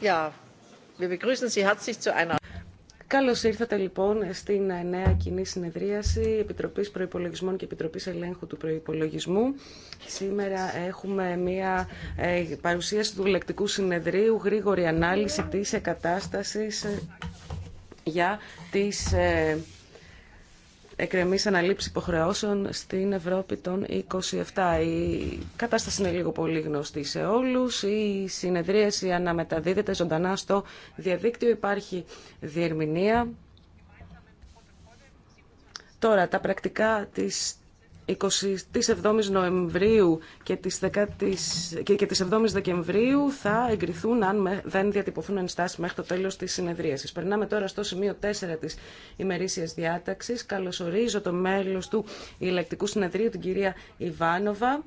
Καλώς Καλώ ήρθατε λοιπόν στην νέα κοινή συνεδρίαση Επιτροπή Προπολογισμών και Επιτροπής Ελέγχου του Προπολογισμού. Σήμερα έχουμε μία ε, παρουσίαση του λεκτικού συνεδρίου, γρήγορη ανάλυση τη κατάσταση ε, για τις ε, εκκρεμή αναλήψη υποχρεώσεων στην Ευρώπη των 27. Η κατάσταση είναι λίγο πολύ γνωστή σε όλους. Η συνεδρίαση αναμεταδίδεται ζωντανά στο διαδίκτυο. Υπάρχει διερμηνία. Τώρα, τα πρακτικά της 27 Νοεμβρίου και της, 10 και, και της 7 Δεκεμβρίου θα εγκριθούν αν δεν διατυπωθούν ενστάσεις μέχρι το τέλος της συνεδρίασης. Περνάμε τώρα στο σημείο 4 της ημερήσιας διάταξης. Καλωσορίζω το μέλος του ηλεκτρικού συνεδρίου, την κυρία Ιβάνοβα.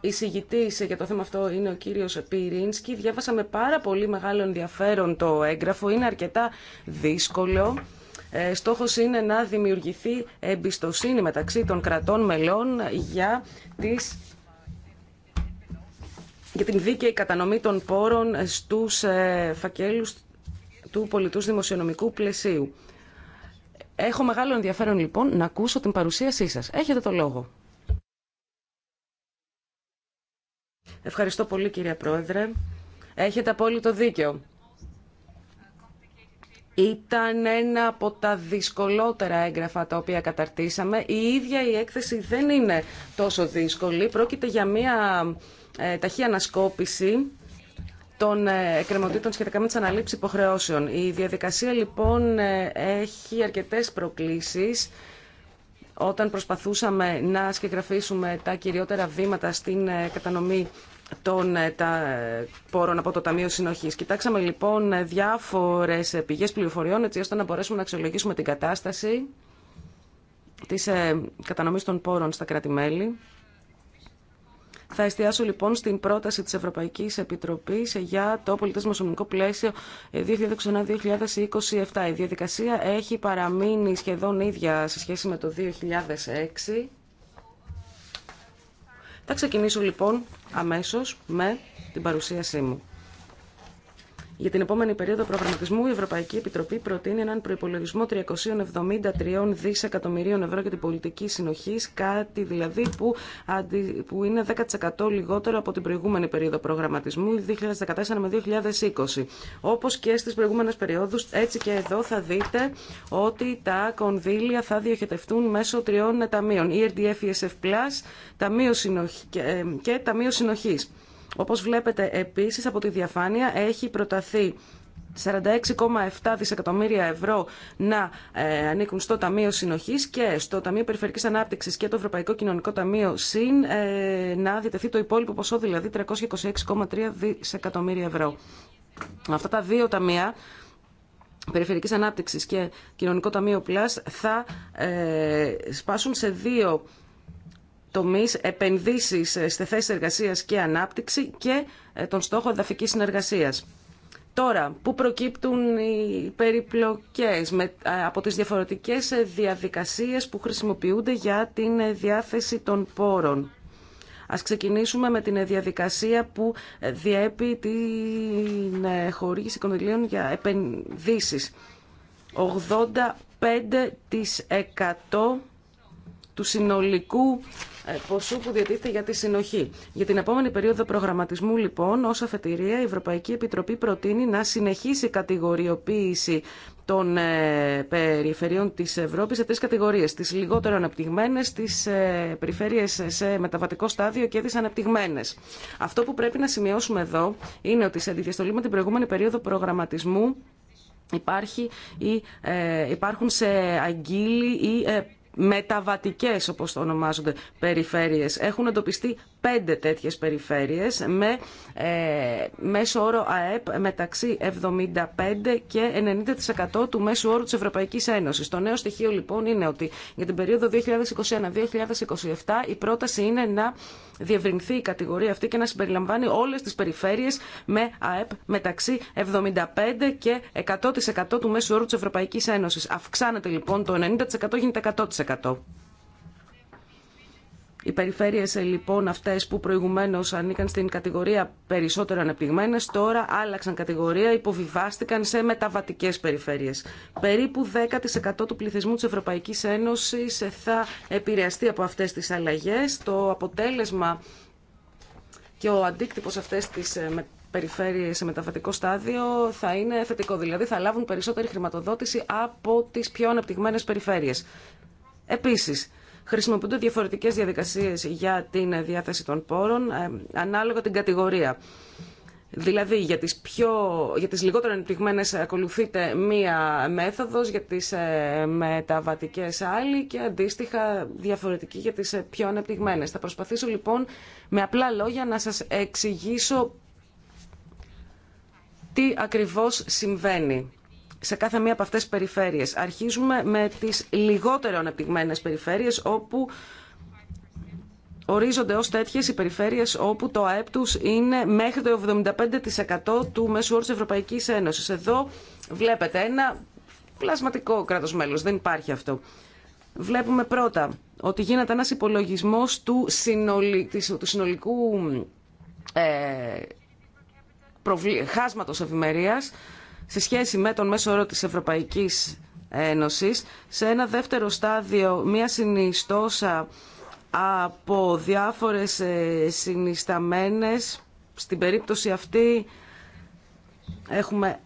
Η συγητή για το θέμα αυτό είναι ο κύριος Πυρίνσκι. Διάβασα με πάρα πολύ μεγάλο ενδιαφέρον το έγγραφο. Είναι αρκετά δύσκολο ε, στόχος είναι να δημιουργηθεί εμπιστοσύνη μεταξύ των κρατών μελών για τις για την δίκαιη κατανομή των πόρων στους ε, φακέλους του πολιτούς δημοσιονομικού πλαισίου. Έχω μεγάλο ενδιαφέρον λοιπόν να ακούσω την παρουσίασή σας. Έχετε το λόγο. Ευχαριστώ πολύ κυρία Πρόεδρε. Έχετε απόλυτο δίκιο ήταν ένα από τα δυσκολότερα έγγραφα τα οποία καταρτήσαμε. Η ίδια η έκθεση δεν είναι τόσο δύσκολη. Πρόκειται για μια ε, ανασκόπηση των ε, εκκρεμωτήτων σχετικά με τις αναλήψεις υποχρεώσεων. Η διαδικασία λοιπόν ε, έχει αρκετές προκλήσεις. Όταν προσπαθούσαμε να σκεγγραφίσουμε τα κυριότερα βήματα στην ε, κατανομή των ε, τα, πόρων από το Ταμείο Συνοχής. Κοιτάξαμε λοιπόν ε, διάφορες ε, πηγές πληροφοριών έτσι ώστε να μπορέσουμε να αξιολογήσουμε την κατάσταση της ε, κατανομής των πόρων στα κράτη-μέλη. Θα εστιάσω λοιπόν στην πρόταση της Ευρωπαϊκής Επιτροπής για το πολιτισμοσομικό πλαίσιο 2021-2027. Η διαδικασία έχει παραμείνει σχεδόν ίδια σε σχέση με το 2006 θα ξεκινήσω λοιπόν αμέσως με την παρουσίασή μου. Για την επόμενη περίοδο προγραμματισμού, η Ευρωπαϊκή Επιτροπή προτείνει έναν προπολογισμό 373 δισεκατομμυρίων ευρώ για την πολιτική συνοχή, κάτι δηλαδή που, που είναι 10% λιγότερο από την προηγούμενη περίοδο προγραμματισμού, 2014 με 2020. Όπω και στι προηγούμενε περιόδου, έτσι και εδώ θα δείτε ότι τα κονδύλια θα διοχετευτούν μέσω τριών ταμείων, ERDF, ESF, ε, και Ταμείο Συνοχής. Όπως βλέπετε επίσης από τη διαφάνεια έχει προταθεί 46,7 δισεκατομμύρια ευρώ να ε, ανήκουν στο Ταμείο Συνοχής και στο Ταμείο Περιφερικής Ανάπτυξης και το Ευρωπαϊκό Κοινωνικό Ταμείο ΣΥΝ ε, να διατεθεί το υπόλοιπο ποσό, δηλαδή 326,3 δισεκατομμύρια ευρώ. Αυτά τα δύο ταμεία Περιφερικής Ανάπτυξης και Κοινωνικό Ταμείο Πλάς θα ε, σπάσουν σε δύο Τομεί επενδύσεις σε θέση εργασίας και ανάπτυξη και ε, τον στόχο εδαφικής συνεργασίας. Τώρα, πού προκύπτουν οι περιπλοκές με, ε, από τις διαφορετικές ε, διαδικασίες που προκυπτουν οι περιπλοκες απο τις διαφορετικες διαδικασιες που χρησιμοποιουνται για την διάθεση των πόρων. Ας ξεκινήσουμε με την διαδικασία που διέπει την χορήγηση κονδυλίων για επενδύσεις. 85% του συνολικού ε, ποσού που διατίθεται για τη συνοχή. Για την επόμενη περίοδο προγραμματισμού, λοιπόν, ω αφετηρία, η Ευρωπαϊκή Επιτροπή προτείνει να συνεχίσει η κατηγοριοποίηση των ε, περιφερειών της Ευρώπης σε τρεις κατηγορίες. Τις λιγότερο αναπτυγμένες, τις ε, περιφέρειες σε μεταβατικό στάδιο και τις αναπτυγμένες. Αυτό που πρέπει να σημειώσουμε εδώ είναι ότι σε αντιδιαστολή με την προηγούμενη περίοδο προγραμματισμού υπάρχει ή, υπάρχουν σε ή μεταβατικές όπως το ονομάζονται περιφέρειες. Έχουν εντοπιστεί πέντε τέτοιες περιφέρειες με ε, μέσο όρο ΑΕΠ μεταξύ 75 και 90% του μέσου όρου της Ευρωπαϊκής Ένωσης. Το νέο στοιχείο λοιπόν είναι ότι για την περίοδο 2021-2027 η πρόταση είναι να διευρυνθεί η κατηγορία αυτή και να συμπεριλαμβάνει όλες τις περιφέρειες με ΑΕΠ μεταξύ 75 και 100% του μέσου όρου της Ευρωπαϊκής Ένωσης. Αυξάνεται λοιπόν το 90% γίνεται 100%. Οι περιφέρειες ε, λοιπόν αυτές που προηγουμένως ανήκαν στην κατηγορία περισσότερο ανεπτυγμένε, τώρα άλλαξαν κατηγορία, υποβιβάστηκαν σε μεταβατικές περιφέρειες. Περίπου 10% του πληθυσμού της Ευρωπαϊκής Ένωση ε, θα επηρεαστεί από αυτές τις αλλαγές. Το αποτέλεσμα και ο αντίκτυπος αυτές τις ε, περιφέρειες σε μεταβατικό στάδιο θα είναι θετικό. Δηλαδή θα λάβουν περισσότερη χρηματοδότηση από τις πιο αναπτυγμένες περιφέρειες. Επίσης, Χρησιμοποιούνται διαφορετικές διαδικασίες για την διάθεση των πόρων ε, ανάλογα την κατηγορία. Δηλαδή για τις, πιο, για τις λιγότερο ανεπτυγμένες ακολουθείται μία μέθοδος, για τις ε, μεταβατικές άλλη και αντίστοιχα διαφορετική για τις ε, πιο ανεπτυγμένες. Θα προσπαθήσω λοιπόν με απλά λόγια να σας εξηγήσω τι ακριβώς συμβαίνει σε κάθε μία από αυτές τις περιφέρειες. Αρχίζουμε με τις λιγότερο αναπτυγμένες περιφέρειες όπου ορίζονται ως τέτοιες οι περιφέρειες όπου το ΑΕΠ τους είναι μέχρι το 75% του μέσου όρου της Ευρωπαϊκής Ένωσης. Εδώ βλέπετε ένα πλασματικό κράτος μέλος, δεν υπάρχει αυτό. Βλέπουμε πρώτα ότι γίνεται ένας υπολογισμός του, συνολικού ε, προβλη... χάσματος ευημερίας σε σχέση με τον μέσο όρο της Ευρωπαϊκής Ένωσης σε ένα δεύτερο στάδιο μια συνιστόσα από διάφορες ε, συνισταμένες στην περίπτωση αυτή έχουμε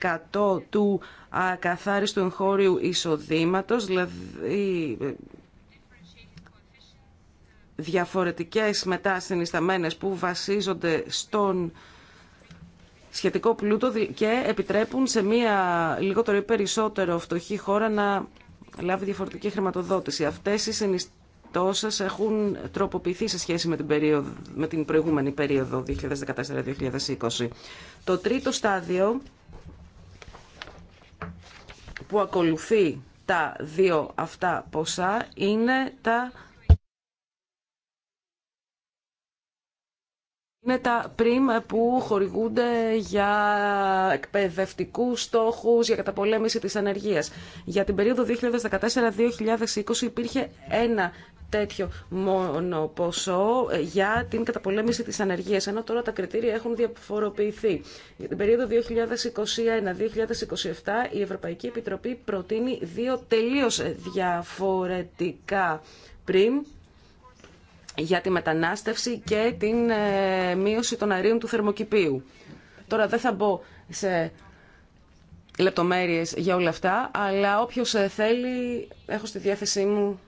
1,3% του ακαθάριστου εγχώριου εισοδήματος, δηλαδή ε, διαφορετικές μετά συνισταμένες που βασίζονται στον σχετικό πλούτο και επιτρέπουν σε μία λιγότερο ή περισσότερο φτωχή χώρα να λάβει διαφορετική χρηματοδότηση. Αυτές οι συνιστώσεις έχουν τροποποιηθεί σε σχέση με την, περίοδο, με την προηγούμενη περίοδο 2014-2020. Το τρίτο στάδιο που ακολουθεί τα δύο αυτά ποσά είναι τα είναι τα πριμ που χορηγούνται για εκπαιδευτικού στόχου, για καταπολέμηση τη ανεργία. Για την περίοδο 2014-2020 υπήρχε ένα τέτοιο μόνο ποσό για την καταπολέμηση της ανεργίας, ενώ τώρα τα κριτήρια έχουν διαφοροποιηθεί. Για την περίοδο 2021-2027 η Ευρωπαϊκή Επιτροπή προτείνει δύο τελείως διαφορετικά πριμ, για τη μετανάστευση και την ε, μείωση των αερίων του θερμοκηπίου. Τώρα δεν θα μπω σε λεπτομέρειες για όλα αυτά, αλλά όποιος ε, θέλει έχω στη διάθεσή μου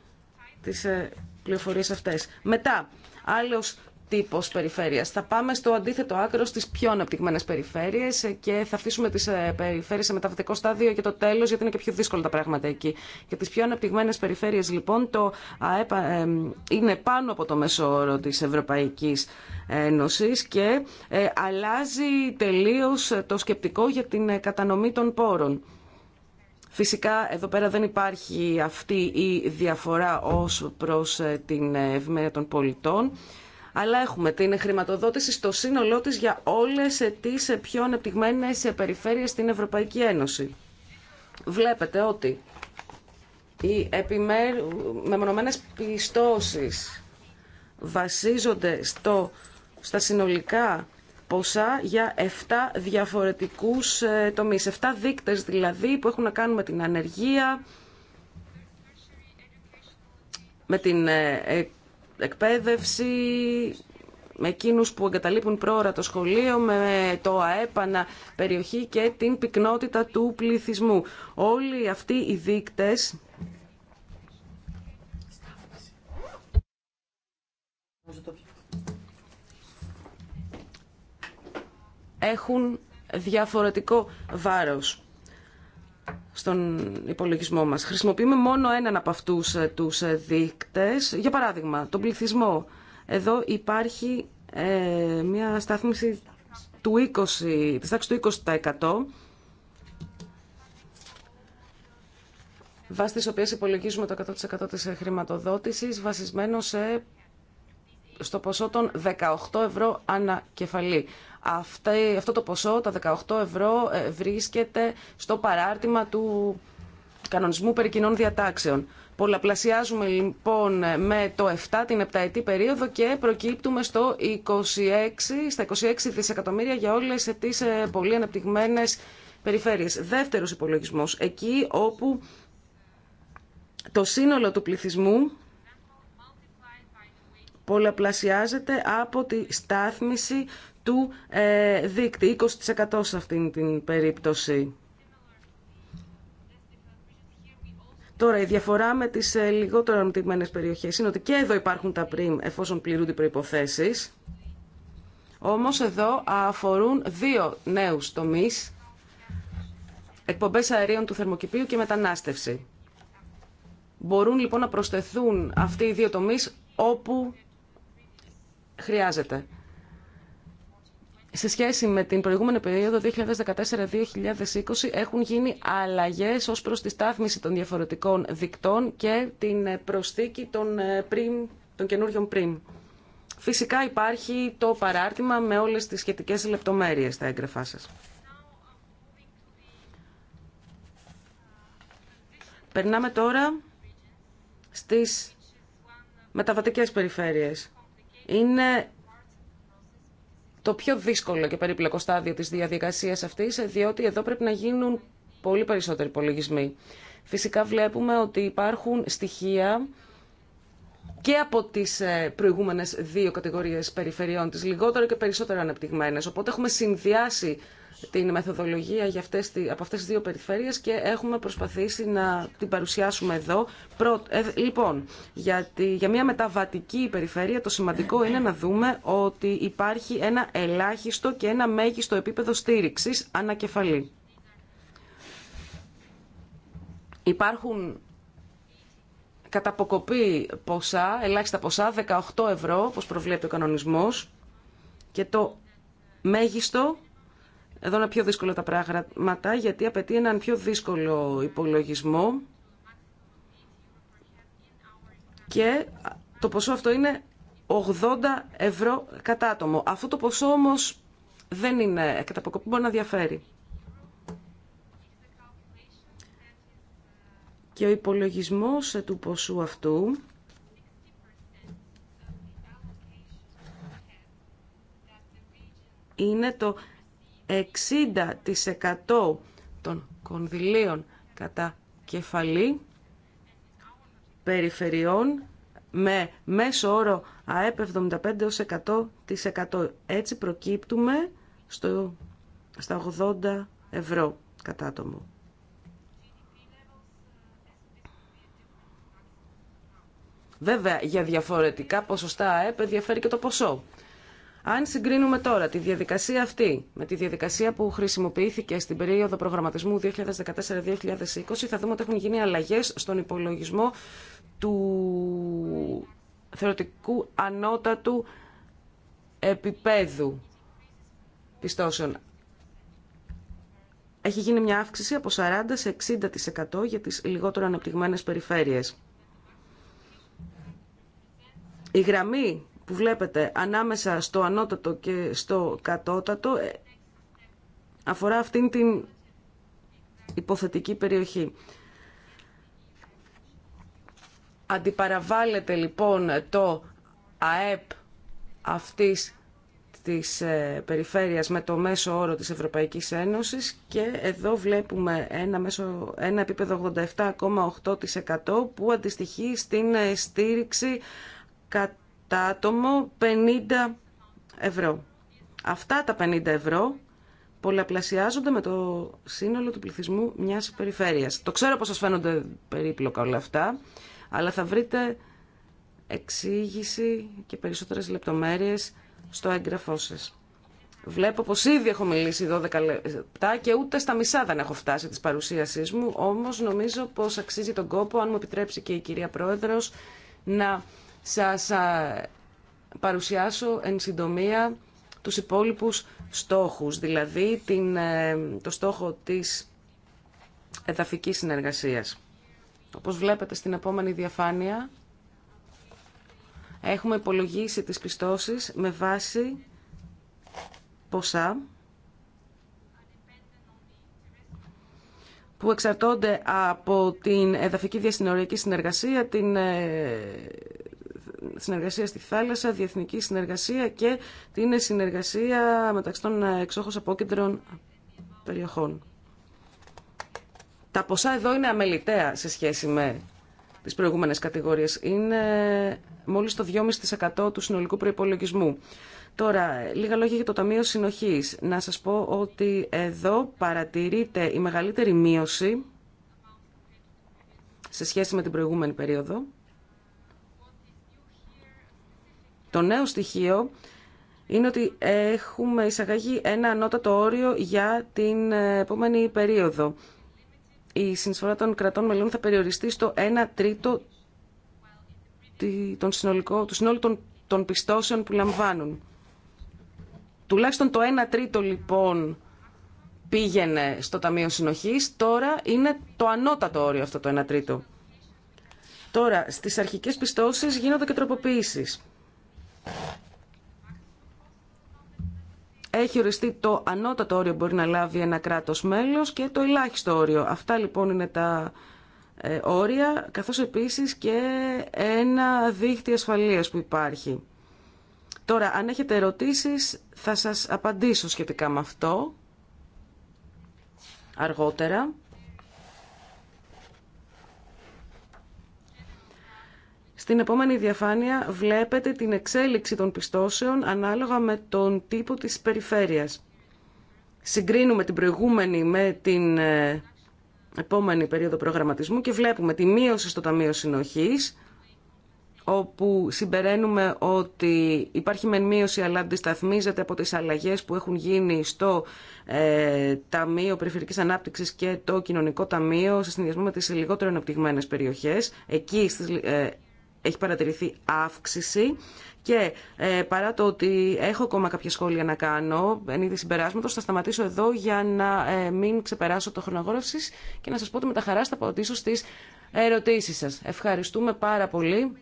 τις ε, πληροφορίες αυτές. Μετά, άλλος τύπος περιφέρειας. Θα πάμε στο αντίθετο άκρο στι πιο αναπτυγμένε περιφέρειες και θα αφήσουμε τι ε, περιφέρειες σε μεταβατικό στάδιο για το τέλο, γιατί είναι και πιο δύσκολα τα πράγματα εκεί. Για τι πιο αναπτυγμένε περιφέρειες λοιπόν το ε, ε, είναι πάνω από το μέσο όρο της Ευρωπαϊκής Ένωσης και αλλάζει τελείω το σκεπτικό για την κατανομή των πόρων. Φυσικά εδώ πέρα δεν υπάρχει αυτή η διαφορά ως προς την ευημερία των πολιτών αλλά έχουμε την χρηματοδότηση στο σύνολό της για όλες τις πιο ανεπτυγμένες περιφέρειες στην Ευρωπαϊκή Ένωση. Βλέπετε ότι οι επιμέρου, μεμονωμένες πιστώσεις βασίζονται στο, στα συνολικά ποσά για 7 διαφορετικούς ε, τομείς. 7 δείκτες δηλαδή που έχουν να κάνουν με την ανεργία, με την ε, ε, εκπαίδευση, με εκείνους που εγκαταλείπουν πρόωρα το σχολείο, με το αέπανα περιοχή και την πυκνότητα του πληθυσμού. Όλοι αυτοί οι δείκτες έχουν διαφορετικό βάρος στον υπολογισμό μας. Χρησιμοποιούμε μόνο έναν από αυτούς ε, τους ε, δείκτες, για παράδειγμα, τον πληθυσμό. Εδώ υπάρχει ε, μια στάθμιση του 20, της τάξης του 20% βάσει της οποίας υπολογίζουμε το 100% της χρηματοδότησης βασισμένο σε, στο ποσό των 18 ευρώ ανακεφαλή αυτό το ποσό, τα 18 ευρώ, ε, βρίσκεται στο παράρτημα του κανονισμού περί κοινών διατάξεων. Πολλαπλασιάζουμε λοιπόν με το 7 την επταετή περίοδο και προκύπτουμε στο 26, στα 26 δισεκατομμύρια για όλες τις ε, πολύ αναπτυγμένες περιφέρειες. Δεύτερος υπολογισμός, εκεί όπου το σύνολο του πληθυσμού πολλαπλασιάζεται από τη στάθμιση του ε, δίκτυ, 20% σε αυτήν την περίπτωση. Τώρα, η διαφορά με τις ε, λιγότερο αρνητικμένες περιοχές είναι ότι και εδώ υπάρχουν τα πριμ εφόσον πληρούνται οι προϋποθέσεις. Όμως εδώ αφορούν δύο νέους τομείς, εκπομπές αερίων του θερμοκηπίου και μετανάστευση. Μπορούν λοιπόν να προσθεθούν αυτοί οι δύο τομείς όπου χρειάζεται σε σχέση με την προηγούμενη περίοδο 2014-2020 έχουν γίνει αλλαγές ως προς τη στάθμιση των διαφορετικών δικτών και την ε, προσθήκη των, ε, των καινούριων πριν. Φυσικά υπάρχει το παράρτημα με όλες τις σχετικές λεπτομέρειες στα έγγραφά σας. Περνάμε τώρα στις μεταβατικές περιφέρειες. Είναι το πιο δύσκολο και περίπλοκο στάδιο της διαδικασίας αυτής, διότι εδώ πρέπει να γίνουν πολύ περισσότεροι υπολογισμοί. Φυσικά βλέπουμε ότι υπάρχουν στοιχεία και από τις ε, προηγούμενες δύο κατηγορίες περιφερειών, τις λιγότερο και περισσότερο αναπτυγμένες. Οπότε έχουμε συνδυάσει την μεθοδολογία για αυτές, από αυτές τις δύο περιφέρειες και έχουμε προσπαθήσει να την παρουσιάσουμε εδώ. Ε, λοιπόν, για, για μια μεταβατική περιφέρεια το σημαντικό είναι να δούμε ότι υπάρχει ένα ελάχιστο και ένα μέγιστο επίπεδο στήριξης ανακεφαλή. Υπάρχουν κατά ποσά, ελάχιστα ποσά, 18 ευρώ, όπως προβλέπει ο κανονισμός, και το μέγιστο εδώ είναι πιο δύσκολα τα πράγματα γιατί απαιτεί έναν πιο δύσκολο υπολογισμό και το ποσό αυτό είναι 80 ευρώ κατά άτομο. Αυτό το ποσό όμως δεν είναι κατά αποκοπή, μπορεί να διαφέρει. Και ο υπολογισμός του ποσού αυτού είναι το 60% των κονδυλίων κατά κεφαλή περιφερειών με μέσο όρο ΑΕΠ 75 Έτσι προκύπτουμε στο, στα 80 ευρώ κατά άτομο. Βέβαια, για διαφορετικά ποσοστά ΑΕΠ ενδιαφέρει και το ποσό. Αν συγκρίνουμε τώρα τη διαδικασία αυτή με τη διαδικασία που χρησιμοποιήθηκε στην περίοδο προγραμματισμού 2014-2020, θα δούμε ότι έχουν γίνει αλλαγές στον υπολογισμό του θεωρητικού ανώτατου επίπεδου πιστώσεων. Έχει γίνει μια αύξηση από 40% σε 60% για τις λιγότερο αναπτυγμένες περιφέρειες. Η γραμμή που βλέπετε ανάμεσα στο ανώτατο και στο κατώτατο ε, αφορά αυτήν την υποθετική περιοχή. Αντιπαραβάλλεται λοιπόν το ΑΕΠ αυτής της ε, περιφέρειας με το μέσο όρο της Ευρωπαϊκής Ένωσης και εδώ βλέπουμε ένα, μέσο, ένα επίπεδο 87,8% που αντιστοιχεί στην ε, στήριξη κατά τα άτομο 50 ευρώ. Αυτά τα 50 ευρώ πολλαπλασιάζονται με το σύνολο του πληθυσμού μιας περιφέρειας. Το ξέρω πως σας φαίνονται περίπλοκα όλα αυτά, αλλά θα βρείτε εξήγηση και περισσότερες λεπτομέρειες στο έγγραφό σας. Βλέπω πως ήδη έχω μιλήσει 12 λεπτά και ούτε στα μισά δεν έχω φτάσει της παρουσίασής μου, όμως νομίζω πως αξίζει τον κόπο, αν μου επιτρέψει και η κυρία Πρόεδρος, να σας παρουσιάσω εν συντομία τους υπόλοιπους στόχους, δηλαδή την, ε, το στόχο της εδαφικής συνεργασίας. Όπως βλέπετε στην επόμενη διαφάνεια, έχουμε υπολογίσει τις πιστώσεις με βάση ποσά που εξαρτώνται από την εδαφική διασυνοριακή συνεργασία, την ε, συνεργασία στη θάλασσα, διεθνική συνεργασία και την συνεργασία μεταξύ των ε, εξόχως απόκεντρων περιοχών. Τα ποσά εδώ είναι αμεληταία σε σχέση με τις προηγούμενες κατηγορίες. Είναι μόλις το 2,5% του συνολικού προϋπολογισμού. Τώρα, λίγα λόγια για το Ταμείο Συνοχής. Να σας πω ότι εδώ παρατηρείται η μεγαλύτερη μείωση σε σχέση με την προηγούμενη περίοδο. Το νέο στοιχείο είναι ότι έχουμε εισαγαγεί ένα ανώτατο όριο για την επόμενη περίοδο. Η συνεισφορά των κρατών μελών θα περιοριστεί στο 1 τρίτο των του συνόλου των, των πιστώσεων που λαμβάνουν. Τουλάχιστον το 1 τρίτο λοιπόν πήγαινε στο Ταμείο Συνοχής, τώρα είναι το ανώτατο όριο αυτό το 1 τρίτο. Τώρα, στις αρχικές πιστώσεις γίνονται και τροποποιήσεις. Έχει οριστεί το ανώτατο όριο που μπορεί να λάβει ένα κράτος μέλος και το ελάχιστο όριο. Αυτά λοιπόν είναι τα ε, όρια, καθώς επίσης και ένα δίχτυ ασφαλείας που υπάρχει. Τώρα, αν έχετε ερωτήσεις, θα σας απαντήσω σχετικά με αυτό αργότερα. Στην επόμενη διαφάνεια βλέπετε την εξέλιξη των πιστώσεων ανάλογα με τον τύπο της περιφέρειας. Συγκρίνουμε την προηγούμενη με την ε, επόμενη περίοδο προγραμματισμού και βλέπουμε τη μείωση στο Ταμείο Συνοχής, όπου συμπεραίνουμε ότι υπάρχει μεν μείωση αλλά αντισταθμίζεται από τις αλλαγές που έχουν γίνει στο ε, Ταμείο Περιφερικής Ανάπτυξης και το Κοινωνικό Ταμείο σε συνδυασμό με τις λιγότερο αναπτυγμένες περιοχές. Εκεί στις ε, έχει παρατηρηθεί αύξηση και ε, παρά το ότι έχω ακόμα κάποια σχόλια να κάνω, εν είδη συμπεράσματος, θα σταματήσω εδώ για να ε, μην ξεπεράσω το χρονογόρευση και να σας πω ότι με τα χαρά θα απαντήσω στις ερωτήσεις σας. Ευχαριστούμε πάρα πολύ.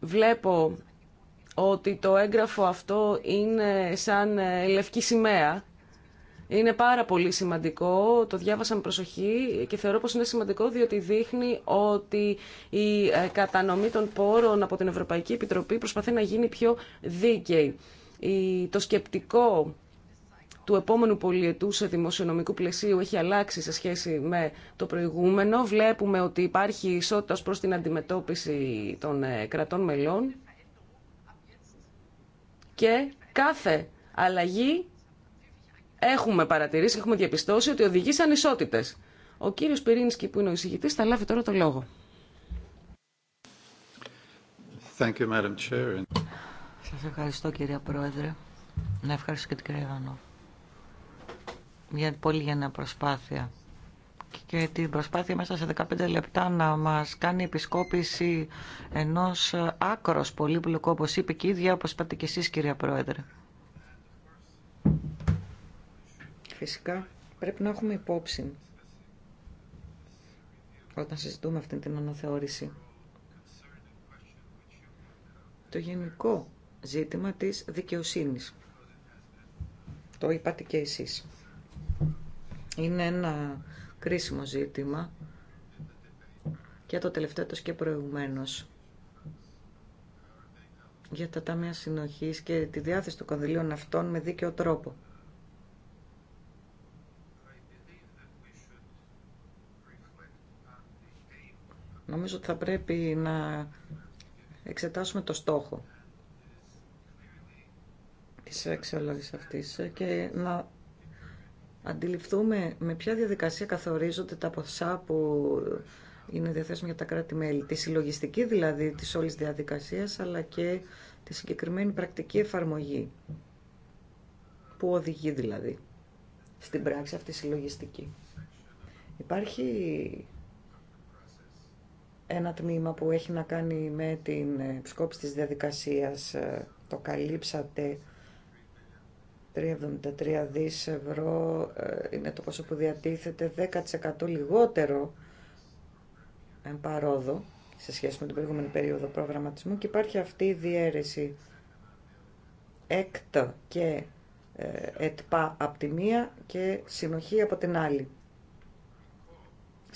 Βλέπω ότι το έγγραφο αυτό είναι σαν ε, λευκή σημαία είναι πάρα πολύ σημαντικό, το διάβασα με προσοχή και θεωρώ πως είναι σημαντικό διότι δείχνει ότι η ε, κατανομή των πόρων από την Ευρωπαϊκή Επιτροπή προσπαθεί να γίνει πιο δίκαιη. Το σκεπτικό του επόμενου πολιετού σε δημοσιονομικού πλαισίου έχει αλλάξει σε σχέση με το προηγούμενο. Βλέπουμε ότι υπάρχει ισότητα ως προς την αντιμετώπιση των ε, κρατών μελών και κάθε αλλαγή έχουμε παρατηρήσει, έχουμε διαπιστώσει ότι οδηγεί σε ανισότητες. Ο κύριος Πυρίνσκι που είναι ο εισηγητή, θα λάβει τώρα το λόγο. Thank Σας ευχαριστώ κυρία Πρόεδρε. Να ευχαριστώ και την κυρία Ιβανό. Μια πολύ γενναία προσπάθεια. Και την προσπάθεια μέσα σε 15 λεπτά να μας κάνει επισκόπηση ενός άκρος πολύπλοκου, όπως είπε και η ίδια, όπως είπατε και εσείς κυρία Πρόεδρε. φυσικά πρέπει να έχουμε υπόψη όταν συζητούμε αυτή την αναθεώρηση το γενικό ζήτημα της δικαιοσύνης. Το είπατε και εσείς. Είναι ένα κρίσιμο ζήτημα και το τελευταίο και προηγουμένως για τα ταμεία συνοχής και τη διάθεση των κονδυλίων αυτών με δίκαιο τρόπο. Νομίζω ότι θα πρέπει να εξετάσουμε το στόχο της αξιολόγησης αυτής και να αντιληφθούμε με ποια διαδικασία καθορίζονται τα ποσά που είναι διαθέσιμα για τα κράτη-μέλη. Τη συλλογιστική δηλαδή της όλης διαδικασίας, αλλά και τη συγκεκριμένη πρακτική εφαρμογή. Που οδηγεί δηλαδή στην πράξη αυτή συλλογιστική. Υπάρχει ένα τμήμα που έχει να κάνει με την επισκόπηση της διαδικασίας. Ε, το καλύψατε 3,73 δις ευρώ ε, είναι το πόσο που διατίθεται 10% λιγότερο εν παρόδο σε σχέση με την προηγούμενη περίοδο προγραμματισμού και υπάρχει αυτή η διαίρεση έκτα και ε, ετπα από τη μία και συνοχή από την άλλη.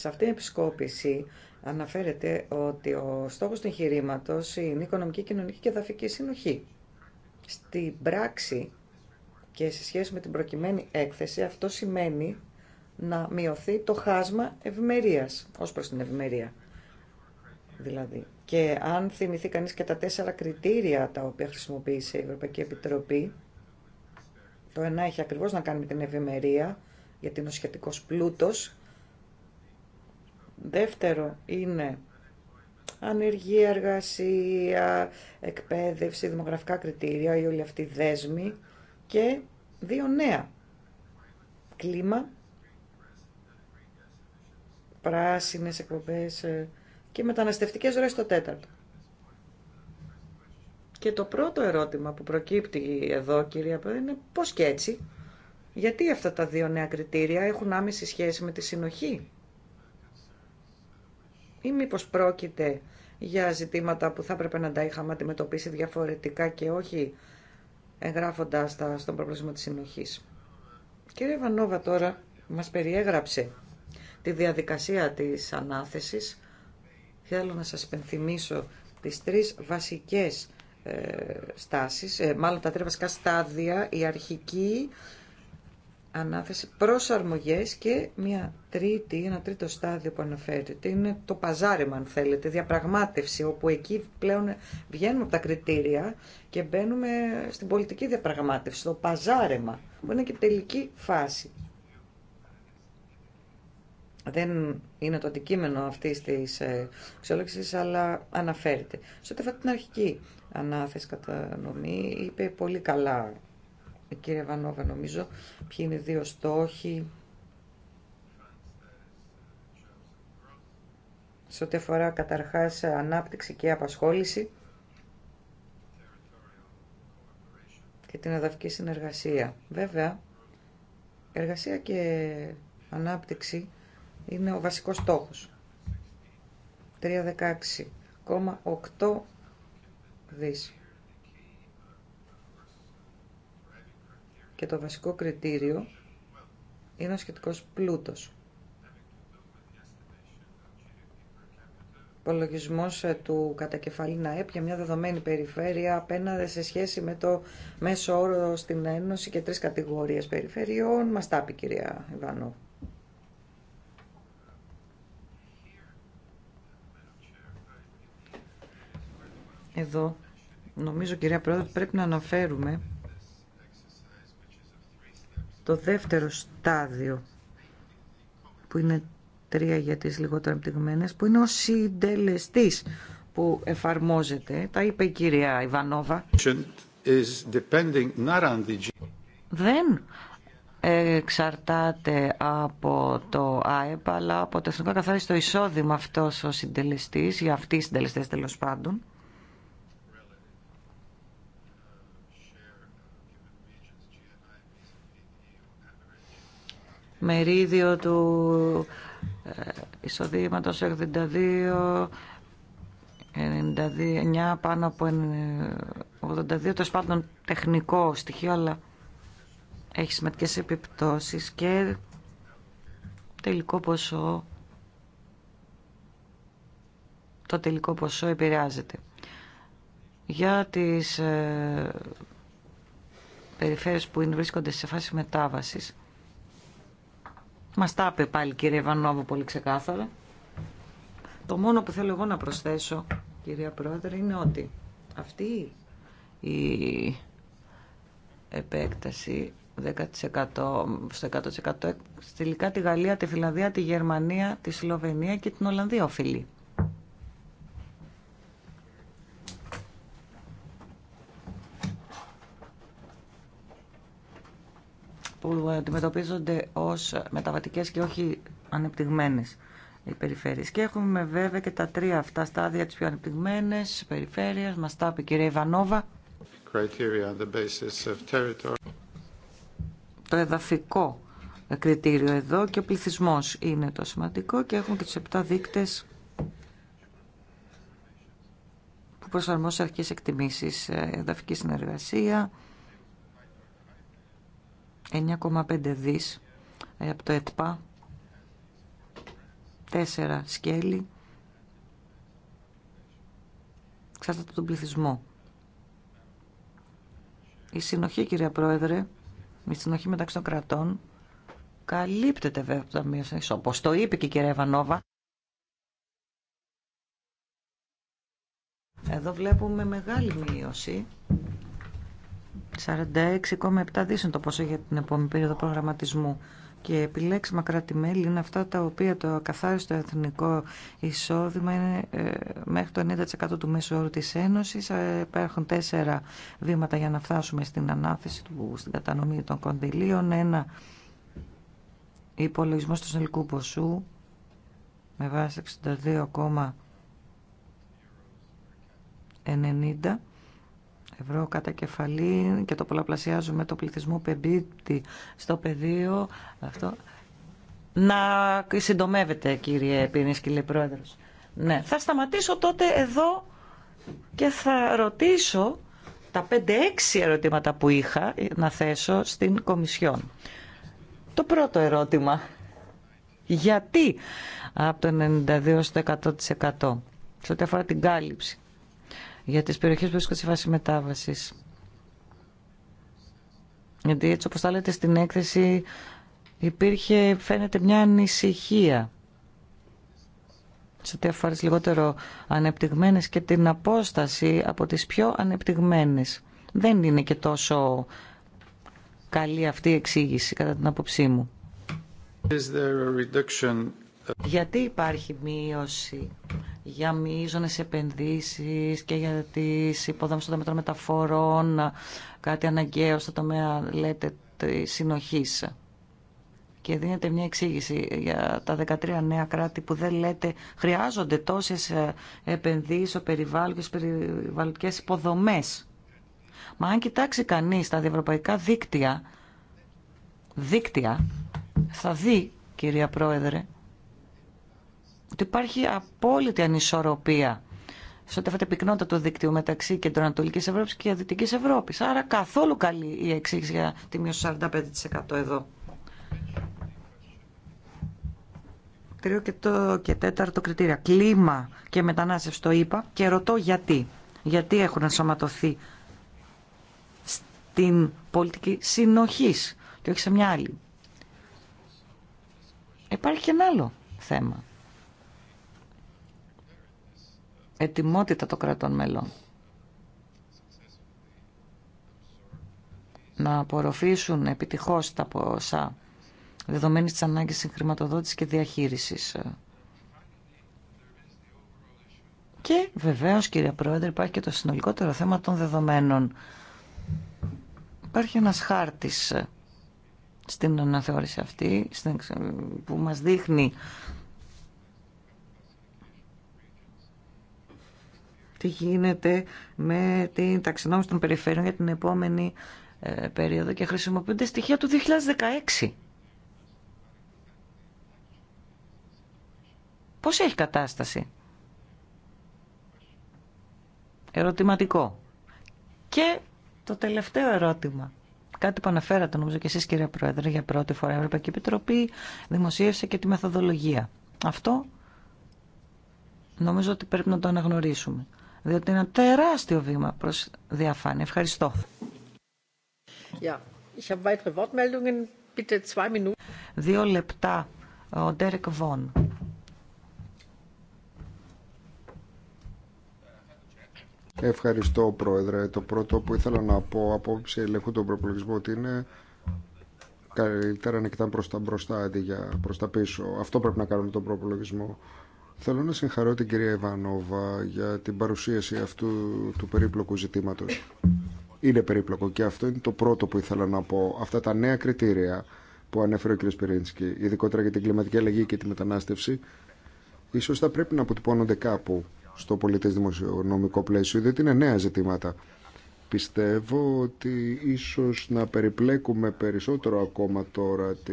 Σε αυτή την επισκόπηση αναφέρεται ότι ο στόχος του εγχειρήματο είναι η οικονομική, κοινωνική και δαφική συνοχή. Στην πράξη και σε σχέση με την προκειμένη έκθεση αυτό σημαίνει να μειωθεί το χάσμα ευμερίας ως προς την ευημερία. Δηλαδή. Και αν θυμηθεί κανείς και τα τέσσερα κριτήρια τα οποία χρησιμοποίησε η Ευρωπαϊκή Επιτροπή, το ένα έχει ακριβώς να κάνει με την ευημερία, γιατί είναι ο σχετικός πλούτος, Δεύτερο είναι ανεργία, εργασία, εκπαίδευση, δημογραφικά κριτήρια ή όλοι αυτοί δέσμοι και δύο νέα. Κλίμα, πράσινες εκπομπές ε, και μεταναστευτικές ροές στο τέταρτο. Και το πρώτο ερώτημα που προκύπτει εδώ, κυρία Πρόεδρε, είναι πώς και έτσι. Γιατί αυτά τα δύο νέα κριτήρια έχουν άμεση σχέση με τη συνοχή ή μήπω πρόκειται για ζητήματα που θα έπρεπε να τα είχαμε αντιμετωπίσει διαφορετικά και όχι εγγράφοντας τα στον προβλήμα της συνοχής. Κύριε Βανόβα τώρα μας περιέγραψε τη διαδικασία της ανάθεσης. Θέλω να σας υπενθυμίσω τις τρεις βασικές ε, στάσεις, ε, μάλλον τα τρία βασικά στάδια, η αρχική, ανάθεση, προσαρμογές και μια τρίτη, ένα τρίτο στάδιο που αναφέρεται είναι το παζάρεμα, αν θέλετε, διαπραγμάτευση όπου εκεί πλέον βγαίνουμε από τα κριτήρια και μπαίνουμε στην πολιτική διαπραγμάτευση, το παζάρεμα που είναι και τελική φάση. Δεν είναι το αντικείμενο αυτή τη εξόλεξη, αλλά αναφέρεται. Σε ό,τι αφορά την αρχική ανάθεση κατανομή, είπε πολύ καλά κύριε Βανόβα νομίζω, ποιοι είναι οι δύο στόχοι σε ό,τι αφορά καταρχάς ανάπτυξη και απασχόληση και την εδαφική συνεργασία. Βέβαια, εργασία και ανάπτυξη είναι ο βασικός στόχος. 316,8 δις. και το βασικό κριτήριο είναι ο σχετικός πλούτος. Υπολογισμό ε, του κατακεφαλήνα να έπια μια δεδομένη περιφέρεια απέναντι σε σχέση με το μέσο όρο στην Ένωση και τρεις κατηγορίες περιφερειών. Μας τα πει κυρία Ιβανό. Εδώ νομίζω κυρία Πρόεδρε πρέπει να αναφέρουμε το δεύτερο στάδιο που είναι τρία για τις λιγότερο επιτυγμένες που είναι ο συντελεστής που εφαρμόζεται τα είπε η κυρία Ιβανόβα δεν εξαρτάται από το ΑΕΠ αλλά από το εθνικό καθάριστο εισόδημα αυτός ο συντελεστής για αυτοί οι συντελεστές τέλο πάντων μερίδιο του ε, εισοδήματος 82 99 πάνω από 82 το πάντων τεχνικό στοιχείο αλλά έχει σημαντικές επιπτώσεις και τελικό ποσό το τελικό ποσό επηρεάζεται για τις ε, περιφέρειες που βρίσκονται σε φάση μετάβασης μας τα είπε πάλι κύριε Βανόβου πολύ ξεκάθαρα. Το μόνο που θέλω εγώ να προσθέσω, κυρία Πρόεδρε, είναι ότι αυτή η επέκταση 10% στο 100% τελικά τη Γαλλία, τη Φιλανδία, τη Γερμανία, τη Σλοβενία και την Ολλανδία οφείλει. που αντιμετωπίζονται ω μεταβατικές και όχι ανεπτυγμένε οι περιφέρειες. Και έχουμε βέβαια και τα τρία αυτά στάδια της πιο ανεπτυγμένες περιφέρειες. Μας τα είπε η κυρία Ιβανόβα. Το εδαφικό κριτήριο εδώ και ο πληθυσμός είναι το σημαντικό και έχουμε και του επτά δείκτες που προσαρμόζουν αρχέ εκτιμήσεις ε, εδαφική συνεργασία, 9,5 δις ε, από το ΕΤΠΑ, 4 σκέλη, εξάρτητα τον πληθυσμό. Η συνοχή, κυρία Πρόεδρε, η συνοχή μεταξύ των κρατών καλύπτεται βέβαια από τα ταμείο όπως το είπε και η κυρία Ευανόβα. Εδώ βλέπουμε μεγάλη μείωση 46,7 δις το ποσό για την επόμενη περίοδο προγραμματισμού και επιλέξιμα κράτη-μέλη είναι αυτά τα οποία το καθάριστο εθνικό εισόδημα είναι ε, μέχρι το 90% του μέσου όρου της Ένωσης. Ε, υπάρχουν τέσσερα βήματα για να φτάσουμε στην ανάθεση, του, στην κατανομή των κονδυλίων. Ένα υπολογισμό του συνολικού ποσού με βάση 62,90 ευρώ κατά κεφαλή και το πολλαπλασιάζουμε το πληθυσμό πεμπίτη στο πεδίο. Αυτό. Να συντομεύετε κύριε Πίνης, κύριε Πρόεδρος. Ναι. Θα σταματήσω τότε εδώ και θα ρωτήσω τα 5-6 ερωτήματα που είχα να θέσω στην Κομισιόν. Το πρώτο ερώτημα. Γιατί από το 92% στο 100% σε ό,τι αφορά την κάλυψη για τις περιοχές που βρίσκονται στη φάση μετάβασης. Γιατί έτσι όπως τα λέτε στην έκθεση υπήρχε φαίνεται μια ανησυχία σε ό,τι αφορά λιγότερο ανεπτυγμένες και την απόσταση από τις πιο ανεπτυγμένες. Δεν είναι και τόσο καλή αυτή η εξήγηση κατά την άποψή μου. Γιατί υπάρχει μείωση για μείζονε επενδύσει και για τι υποδομέ των μεταφορών, κάτι αναγκαίο στο τομέα, λέτε, τη συνοχή. Και δίνεται μια εξήγηση για τα 13 νέα κράτη που δεν λέτε χρειάζονται τόσε ε, επενδύσεις ο περιβάλλον και υποδομές. Μα αν κοιτάξει κανείς τα διευρωπαϊκά δίκτυα, δίκτυα, θα δει, κυρία Πρόεδρε, ότι υπάρχει απόλυτη ανισορροπία σε ό,τι αφορά την πυκνότητα του δικτύου μεταξύ Κεντροανατολική Ευρώπη και Δυτική Ευρώπη. Άρα καθόλου καλή η εξήγηση για τη μείωση 45% εδώ. Τρίο και, το, και τέταρτο κριτήρια. Κλίμα και μετανάστευση το είπα και ρωτώ γιατί. Γιατί έχουν ενσωματωθεί στην πολιτική συνοχή. και όχι σε μια άλλη. Υπάρχει και ένα άλλο θέμα ετοιμότητα των κρατών μελών. να απορροφήσουν επιτυχώς τα ποσά δεδομένης της ανάγκης συγχρηματοδότησης και διαχείρισης. Και βεβαίως κύριε Πρόεδρε υπάρχει και το συνολικότερο θέμα των δεδομένων. Υπάρχει ένας χάρτης στην αναθεώρηση αυτή που μας δείχνει τι γίνεται με την ταξινόμηση των περιφέρειων για την επόμενη ε, περίοδο και χρησιμοποιούνται στοιχεία του 2016. Πώς έχει κατάσταση. Ερωτηματικό. Και το τελευταίο ερώτημα. Κάτι που αναφέρατε νομίζω και εσείς κυρία Πρόεδρε για πρώτη φορά. Η Ευρωπαϊκή Επιτροπή δημοσίευσε και τη μεθοδολογία. Αυτό νομίζω ότι πρέπει να το αναγνωρίσουμε διότι είναι ένα τεράστιο βήμα προς διαφάνεια. Ευχαριστώ. Δύο λεπτά. Ο Ντέρεκ Βον. Ευχαριστώ, Πρόεδρε. Το πρώτο που ήθελα να πω απόψε ελέγχου τον προπολογισμό ότι είναι καλύτερα να κοιτάμε προς τα μπροστά αντί για προς τα πίσω. Αυτό πρέπει να κάνουμε τον προπολογισμό. Θέλω να συγχαρώ την κυρία Ιβανόβα για την παρουσίαση αυτού του περίπλοκου ζητήματος. Είναι περίπλοκο και αυτό είναι το πρώτο που ήθελα να πω. Αυτά τα νέα κριτήρια που ανέφερε ο κ. Πυρίνσκι, ειδικότερα για την κλιματική αλλαγή και τη μετανάστευση, ίσως θα πρέπει να αποτυπώνονται κάπου στο πολιτές δημοσιονομικό πλαίσιο, διότι είναι νέα ζητήματα. Πιστεύω ότι ίσως να περιπλέκουμε περισσότερο ακόμα τώρα τη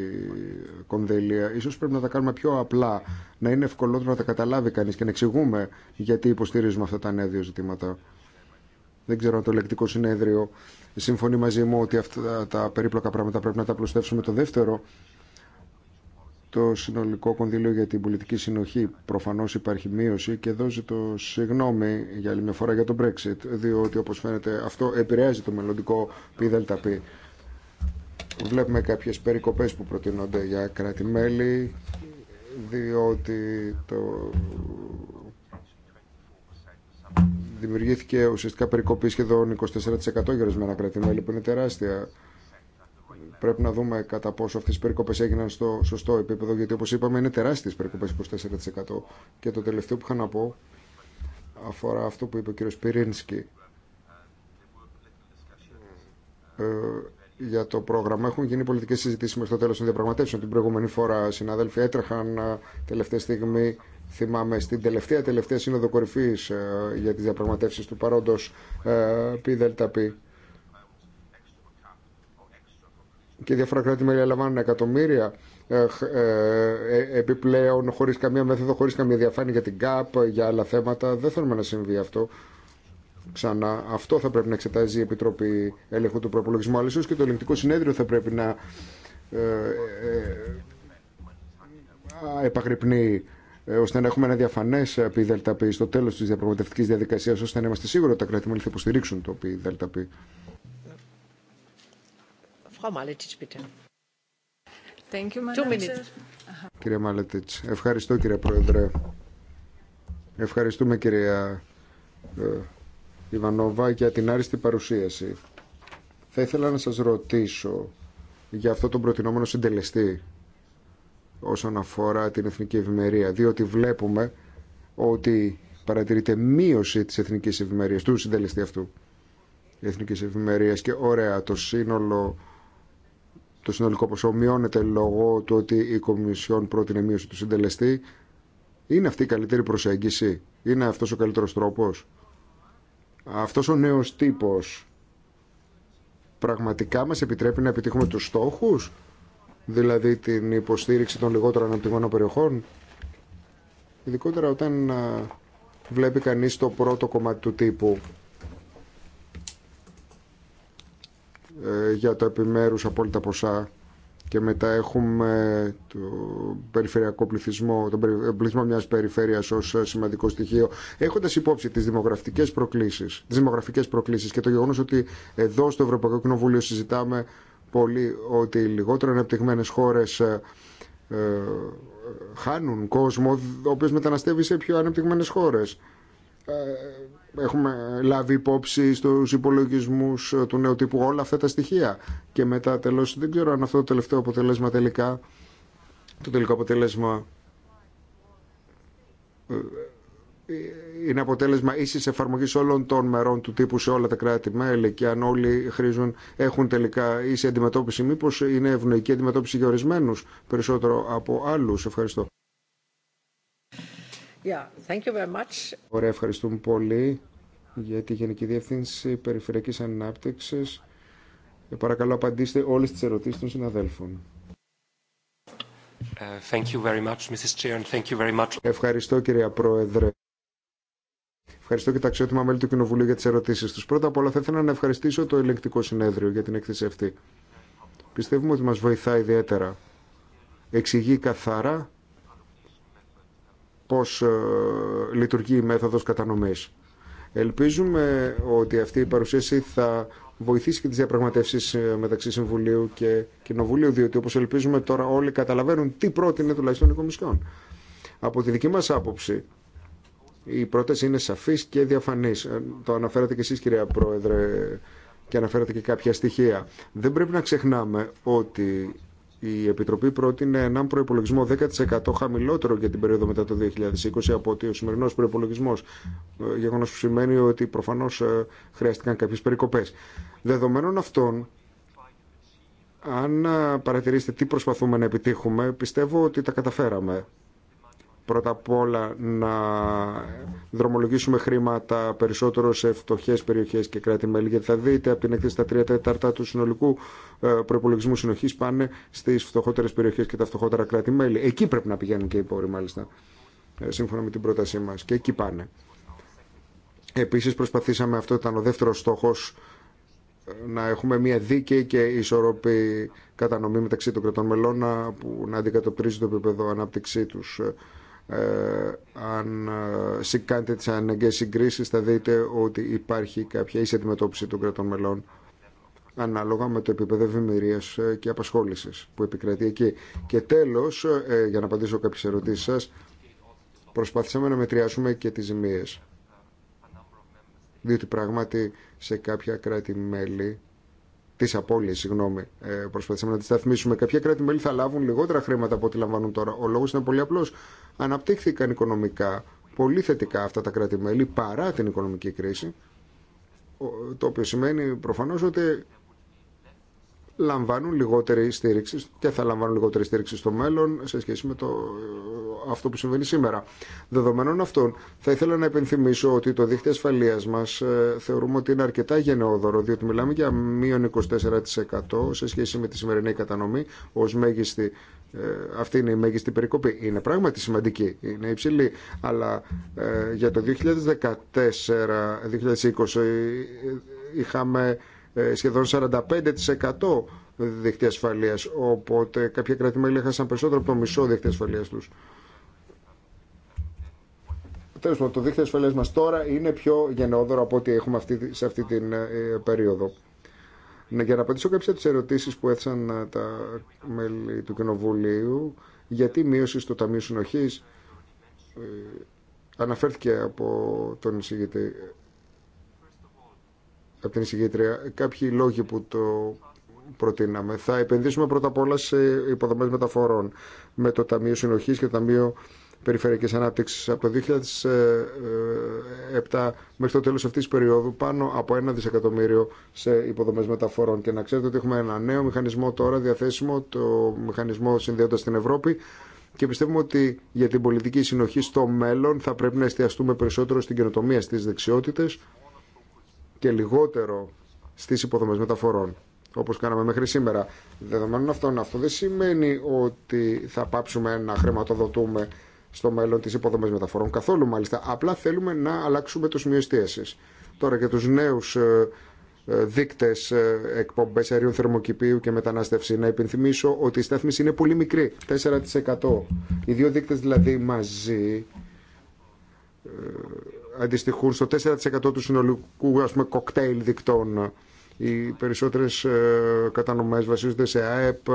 κονδέλια. Ίσως πρέπει να τα κάνουμε πιο απλά, να είναι ευκολότερο να τα καταλάβει κανείς και να εξηγούμε γιατί υποστηρίζουμε αυτά τα νέα δύο ζητήματα. Δεν ξέρω αν το λεκτικό συνέδριο συμφωνεί μαζί μου ότι αυτά τα περίπλοκα πράγματα πρέπει να τα προσθέσουμε Το δεύτερο το συνολικό κονδύλιο για την πολιτική συνοχή. Προφανώς υπάρχει μείωση και εδώ ζητώ συγγνώμη για άλλη μια φορά για το Brexit, διότι όπως φαίνεται αυτό επηρεάζει το μελλοντικό ΠΔΠ. Βλέπουμε κάποιε περικοπές που προτείνονται για κράτη-μέλη, διότι το... δημιουργήθηκε ουσιαστικά περικοπή σχεδόν 24% για ορισμένα κράτη-μέλη, που είναι τεράστια Πρέπει να δούμε κατά πόσο αυτέ οι περικοπέ έγιναν στο σωστό επίπεδο, γιατί όπω είπαμε είναι τεράστιε περικοπέ 24%. Και το τελευταίο που είχα να πω αφορά αυτό που είπε ο κύριο Πυρίνσκι ε, για το πρόγραμμα. Έχουν γίνει πολιτικέ συζητήσει μέχρι το τέλο των διαπραγματεύσεων. Την προηγούμενη φορά, συνάδελφοι, έτρεχαν ε, τελευταία στιγμή. Θυμάμαι στην τελευταία τελευταία σύνοδο κορυφή ε, για τι διαπραγματεύσει του παρόντο ΠΔΠ και διάφορα κράτη-μέλη λαμβάνουν εκατομμύρια ε, ε, ε, επιπλέον χωρί καμία μέθοδο, χωρί καμία διαφάνεια για την ΚΑΠ, για άλλα θέματα. Δεν θέλουμε να συμβεί αυτό. Ξανά, αυτό θα πρέπει να εξετάζει η Επιτροπή Έλεγχου του Προπολογισμού. Αλλά και το ελληνικό Συνέδριο θα πρέπει να ε, ε, επαγρυπνεί ώστε να έχουμε ένα διαφανέ ΠΔΠ στο τέλο τη διαπραγματευτική διαδικασία, ώστε να είμαστε σίγουροι ότι τα κράτη-μέλη θα υποστηρίξουν το ΠΔΠ. Uh-huh. Μαλετίτς, ευχαριστώ κύριε Πρόεδρε. Ευχαριστούμε κυρία ε, Ιβανόβα για την άριστη παρουσίαση. Θα ήθελα να σας ρωτήσω για αυτό τον προτινόμενο συντελεστή όσον αφορά την εθνική ευημερία, διότι βλέπουμε ότι παρατηρείται μείωση της εθνικής ευημερίας, του συντελεστή αυτού εθνικής ευημερίας και ωραία το σύνολο το συνολικό ποσό μειώνεται λόγω του ότι η Κομισιόν πρότεινε μείωση του συντελεστή. Είναι αυτή η καλύτερη προσέγγιση. Είναι αυτός ο καλύτερος τρόπος. Αυτός ο νέος τύπος πραγματικά μας επιτρέπει να επιτύχουμε του στόχους, δηλαδή την υποστήριξη των λιγότερων αναπτυγμένων περιοχών. Ειδικότερα όταν βλέπει κανείς το πρώτο κομμάτι του τύπου Ε, για τα επιμέρους απόλυτα ποσά και μετά έχουμε το περιφερειακό πληθυσμό, τον ε, πληθυσμό μιας περιφέρειας ως ε, σημαντικό στοιχείο, έχοντας υπόψη τις δημογραφικές προκλήσεις, τις δημογραφικές προκλήσεις και το γεγονός ότι εδώ στο Ευρωπαϊκό Κοινοβούλιο συζητάμε πολύ ότι οι λιγότερο ανεπτυγμένες χώρες χάνουν κόσμο ο οποίος μεταναστεύει σε πιο ανεπτυγμένες χώρες έχουμε λάβει υπόψη στους υπολογισμούς ε, του νέου τύπου όλα αυτά τα στοιχεία. Και μετά τελώς δεν ξέρω αν αυτό το τελευταίο αποτελέσμα τελικά, το τελικό αποτέλεσμα ε, ε, είναι αποτέλεσμα ίσης εφαρμογής όλων των μερών του τύπου σε όλα τα κράτη-μέλη και αν όλοι χρήζουν, έχουν τελικά ίση αντιμετώπιση, μήπως είναι ευνοϊκή αντιμετώπιση για ορισμένους περισσότερο από άλλους. Ευχαριστώ. Ωραία, ευχαριστούμε πολύ για τη Γενική Διεύθυνση Περιφερειακής Ανάπτυξης. Ε, παρακαλώ απαντήστε όλες τις ερωτήσεις των συναδέλφων. Ευχαριστώ κυρία Πρόεδρε. Ευχαριστώ και τα αξιότιμα μέλη του Κοινοβουλίου για τι ερωτήσει του. Πρώτα απ' όλα, θα ήθελα να ευχαριστήσω το ελεγκτικό συνέδριο για την έκθεση αυτή. Πιστεύουμε ότι μα βοηθά ιδιαίτερα. Εξηγεί καθαρά πώς ε, λειτουργεί η μέθοδος κατανομής. Ελπίζουμε ότι αυτή η παρουσίαση θα βοηθήσει και τις διαπραγματεύσεις ε, μεταξύ Συμβουλίου και Κοινοβουλίου, διότι όπως ελπίζουμε τώρα όλοι καταλαβαίνουν τι πρότεινε τουλάχιστον οι Κομισιόν. Από τη δική μας άποψη, η πρόταση είναι σαφής και διαφανής. Ε, το αναφέρατε και εσείς κυρία Πρόεδρε και αναφέρατε και κάποια στοιχεία. Δεν πρέπει να ξεχνάμε ότι η Επιτροπή πρότεινε έναν προπολογισμό 10% χαμηλότερο για την περίοδο μετά το 2020 από ότι ο σημερινό προπολογισμό. Ε, Γεγονό που σημαίνει ότι προφανώ ε, χρειάστηκαν κάποιε περικοπέ. Δεδομένων αυτών, αν ε, παρατηρήσετε τι προσπαθούμε να επιτύχουμε, πιστεύω ότι τα καταφέραμε πρώτα απ' όλα να δρομολογήσουμε χρήματα περισσότερο σε φτωχέ περιοχέ και κράτη-μέλη. Γιατί θα δείτε από την εκθέση τα τρία τέταρτα του συνολικού ε, προπολογισμού συνοχή πάνε στι φτωχότερε περιοχέ και τα φτωχότερα κράτη-μέλη. Εκεί πρέπει να πηγαίνουν και οι πόροι, μάλιστα, ε, σύμφωνα με την πρότασή μα. Και εκεί πάνε. Επίση, προσπαθήσαμε, αυτό ήταν ο δεύτερο στόχο, ε, να έχουμε μια δίκαιη και ισορροπή κατανομή μεταξύ των κρατών μελών που να αντικατοπτρίζει το επίπεδο ανάπτυξή τους. Ε, αν ε, κάνετε τις αναγκαίες συγκρίσεις θα δείτε ότι υπάρχει κάποια ίση αντιμετώπιση των κρατών μελών ανάλογα με το επίπεδο ευημερία ε, και απασχόληση που επικρατεί εκεί. Και τέλο, για να απαντήσω κάποιε ερωτήσει σα, προσπαθήσαμε να μετριάσουμε και τι ζημίε. Διότι πράγματι σε κάποια κράτη-μέλη, τι απώλειε, συγγνώμη, προσπαθήσαμε να τι σταθμίσουμε. Κάποια κράτη-μέλη θα λάβουν λιγότερα χρήματα από ό,τι λαμβάνουν τώρα. Ο λόγο είναι πολύ απλό αναπτύχθηκαν οικονομικά πολύ θετικά αυτά τα κράτη-μέλη παρά την οικονομική κρίση, το οποίο σημαίνει προφανώς ότι λαμβάνουν λιγότερη στήριξη και θα λαμβάνουν λιγότερη στήριξη στο μέλλον σε σχέση με το, αυτό που συμβαίνει σήμερα. Δεδομένων αυτών, θα ήθελα να επενθυμίσω ότι το δίχτυ ασφαλεία μα ε, θεωρούμε ότι είναι αρκετά γενναιόδωρο, διότι μιλάμε για μείον 24% σε σχέση με τη σημερινή κατανομή ω μέγιστη ε, αυτή είναι η μέγιστη περικοπή. Είναι πράγματι σημαντική, είναι υψηλή, αλλά ε, για το 2014-2020 είχαμε ε, σχεδόν 45% δίχτυ ασφαλεία. Οπότε κάποια κρατημέλη έχασαν περισσότερο από το μισό δίχτυ ασφαλεία του. Τέλο πάντων, το δίχτυ ασφαλεία μα τώρα είναι πιο γενναιόδωρο από ό,τι έχουμε αυτή, σε αυτή την περίοδο. Ναι, για να απαντήσω κάποιες από τις ερωτήσεις που έθεσαν ε, τα μέλη του Κοινοβουλίου, γιατί μείωση στο Ταμείο Συνοχής ε, αναφέρθηκε από τον εισηγητή, από την εισηγήτρια κάποιοι λόγοι που το προτείναμε. Θα επενδύσουμε πρώτα απ' όλα σε υποδομές μεταφορών με το Ταμείο Συνοχής και το Ταμείο περιφερειακής ανάπτυξης. Από το 2007 μέχρι το τέλος αυτής της περίοδου πάνω από ένα δισεκατομμύριο σε υποδομές μεταφορών. Και να ξέρετε ότι έχουμε ένα νέο μηχανισμό τώρα διαθέσιμο, το μηχανισμό συνδέοντας την Ευρώπη, και πιστεύουμε ότι για την πολιτική συνοχή στο μέλλον θα πρέπει να εστιαστούμε περισσότερο στην καινοτομία στις δεξιότητες και λιγότερο στις υποδομές μεταφορών όπως κάναμε μέχρι σήμερα. Δεδομένων αυτών, αυτό δεν σημαίνει ότι θα πάψουμε να χρηματοδοτούμε στο μέλλον τι υποδομή μεταφορών καθόλου μάλιστα. Απλά θέλουμε να αλλάξουμε του σημείο Τώρα για τους νέους ε, ε, δείκτε ε, εκπομπές αερίων θερμοκηπίου και μετανάστευση. Να υπενθυμίσω ότι η στάθμιση είναι πολύ μικρή, 4%. Οι δύο δείκτε δηλαδή μαζί αντιστοιχούν στο 4% του συνολικού ας κοκτέιλ δικτών οι περισσότερες ε, κατανομές βασίζονται σε ΑΕΠ, ε,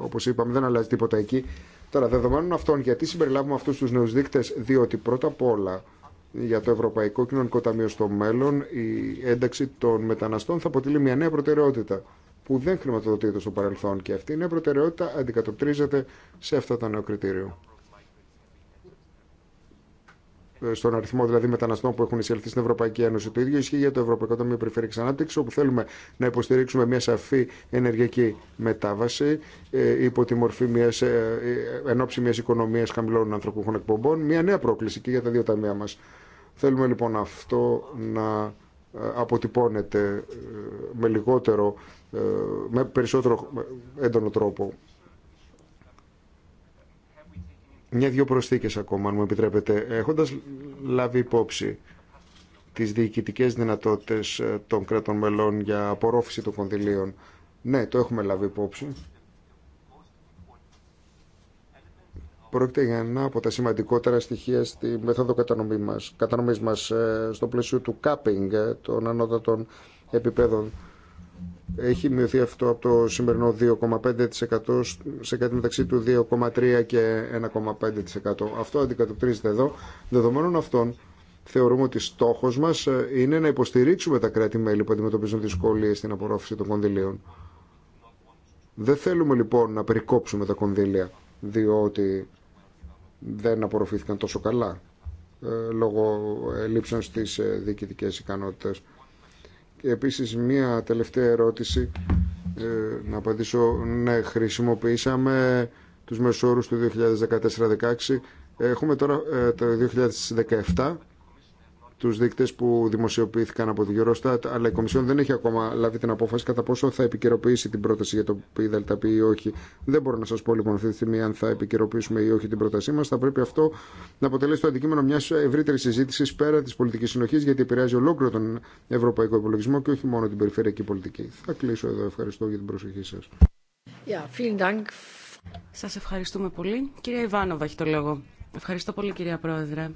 όπως είπαμε δεν αλλάζει τίποτα εκεί. Τώρα, δεδομένων αυτών, γιατί συμπεριλάβουμε αυτού του νέου δείκτες, διότι πρώτα απ' όλα για το Ευρωπαϊκό Κοινωνικό Ταμείο στο μέλλον η ένταξη των μεταναστών θα αποτελεί μια νέα προτεραιότητα που δεν χρηματοδοτείται στο παρελθόν και αυτή η νέα προτεραιότητα αντικατοπτρίζεται σε αυτό το νέο κριτήριο στον αριθμό δηλαδή μεταναστών που έχουν εισελθεί στην Ευρωπαϊκή Ένωση. Το ίδιο ισχύει για το Ευρωπαϊκό Ταμείο Περιφερειακή Ανάπτυξη, όπου θέλουμε να υποστηρίξουμε μια σαφή ενεργειακή μετάβαση ε, υπό τη μορφή μιας, ε, ε, οικονομίας μια οικονομία χαμηλών ανθρωπούχων εκπομπών. Μια νέα πρόκληση και για τα δύο ταμεία μα. Θέλουμε λοιπόν αυτό να αποτυπώνεται με λιγότερο, με περισσότερο έντονο τρόπο μια-δυο προσθήκες ακόμα, αν μου επιτρέπετε. Έχοντας λάβει υπόψη τις διοικητικές δυνατότητες ε, των κρατών μελών για απορρόφηση των κονδυλίων, ναι, το έχουμε λάβει υπόψη. Πρόκειται για ένα από τα σημαντικότερα στοιχεία στη μέθοδο κατανομή μας, κατανομής μας ε, στο πλαίσιο του capping ε, των ανώτατων επιπέδων έχει μειωθεί αυτό από το σημερινό 2,5% σε κάτι μεταξύ του 2,3% και 1,5%. Αυτό αντικατοπτρίζεται εδώ. Δεδομένων αυτών, θεωρούμε ότι στόχος μας ε, είναι να υποστηρίξουμε τα κράτη-μέλη που αντιμετωπίζουν δυσκολίε στην απορρόφηση των κονδυλίων. Δεν θέλουμε λοιπόν να περικόψουμε τα κονδύλια, διότι δεν απορροφήθηκαν τόσο καλά ε, λόγω ε, λήψεων στις διοικητικές ικανότητες. Και επίσης μία τελευταία ερώτηση ε, να απαντήσω. Ναι, χρησιμοποιήσαμε τους μεσόρους του 2014-2016. Έχουμε τώρα ε, το 2017 του δείκτες που δημοσιοποιήθηκαν από τη Eurostat, αλλά η Κομισιόν δεν έχει ακόμα λάβει την απόφαση κατά πόσο θα επικαιροποιήσει την πρόταση για το ΠΔΠ ή όχι. Δεν μπορώ να σα πω λοιπόν αυτή τη στιγμή αν θα επικαιροποιήσουμε ή όχι την πρότασή μας. Θα πρέπει αυτό να αποτελέσει το αντικείμενο μια ευρύτερη συζήτηση πέρα τη πολιτική συνοχή, γιατί επηρεάζει ολόκληρο τον ευρωπαϊκό υπολογισμό και όχι μόνο την περιφερειακή πολιτική. Θα κλείσω εδώ. Ευχαριστώ για την προσοχή σα. Yeah, vielen ευχαριστούμε πολύ. Κυρία Ιβάνοβα έχει το λόγο. Ευχαριστώ πολύ κυρία Πρόεδρε.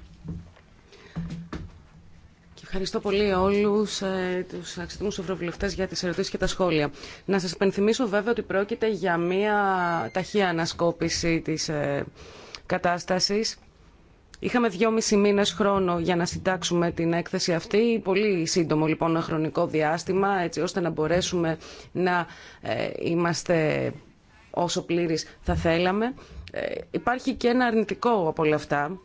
Ευχαριστώ πολύ όλου ε, του αξιωτικού ευρωβουλευτέ για τι ερωτήσει και τα σχόλια. Να σα υπενθυμίσω βέβαια ότι πρόκειται για μία ταχεία ανασκόπηση τη ε, κατάσταση. Είχαμε δυόμιση μήνε χρόνο για να συντάξουμε την έκθεση αυτή. Πολύ σύντομο λοιπόν χρονικό διάστημα, έτσι ώστε να μπορέσουμε να ε, είμαστε όσο πλήρης θα θέλαμε. Ε, υπάρχει και ένα αρνητικό από όλα αυτά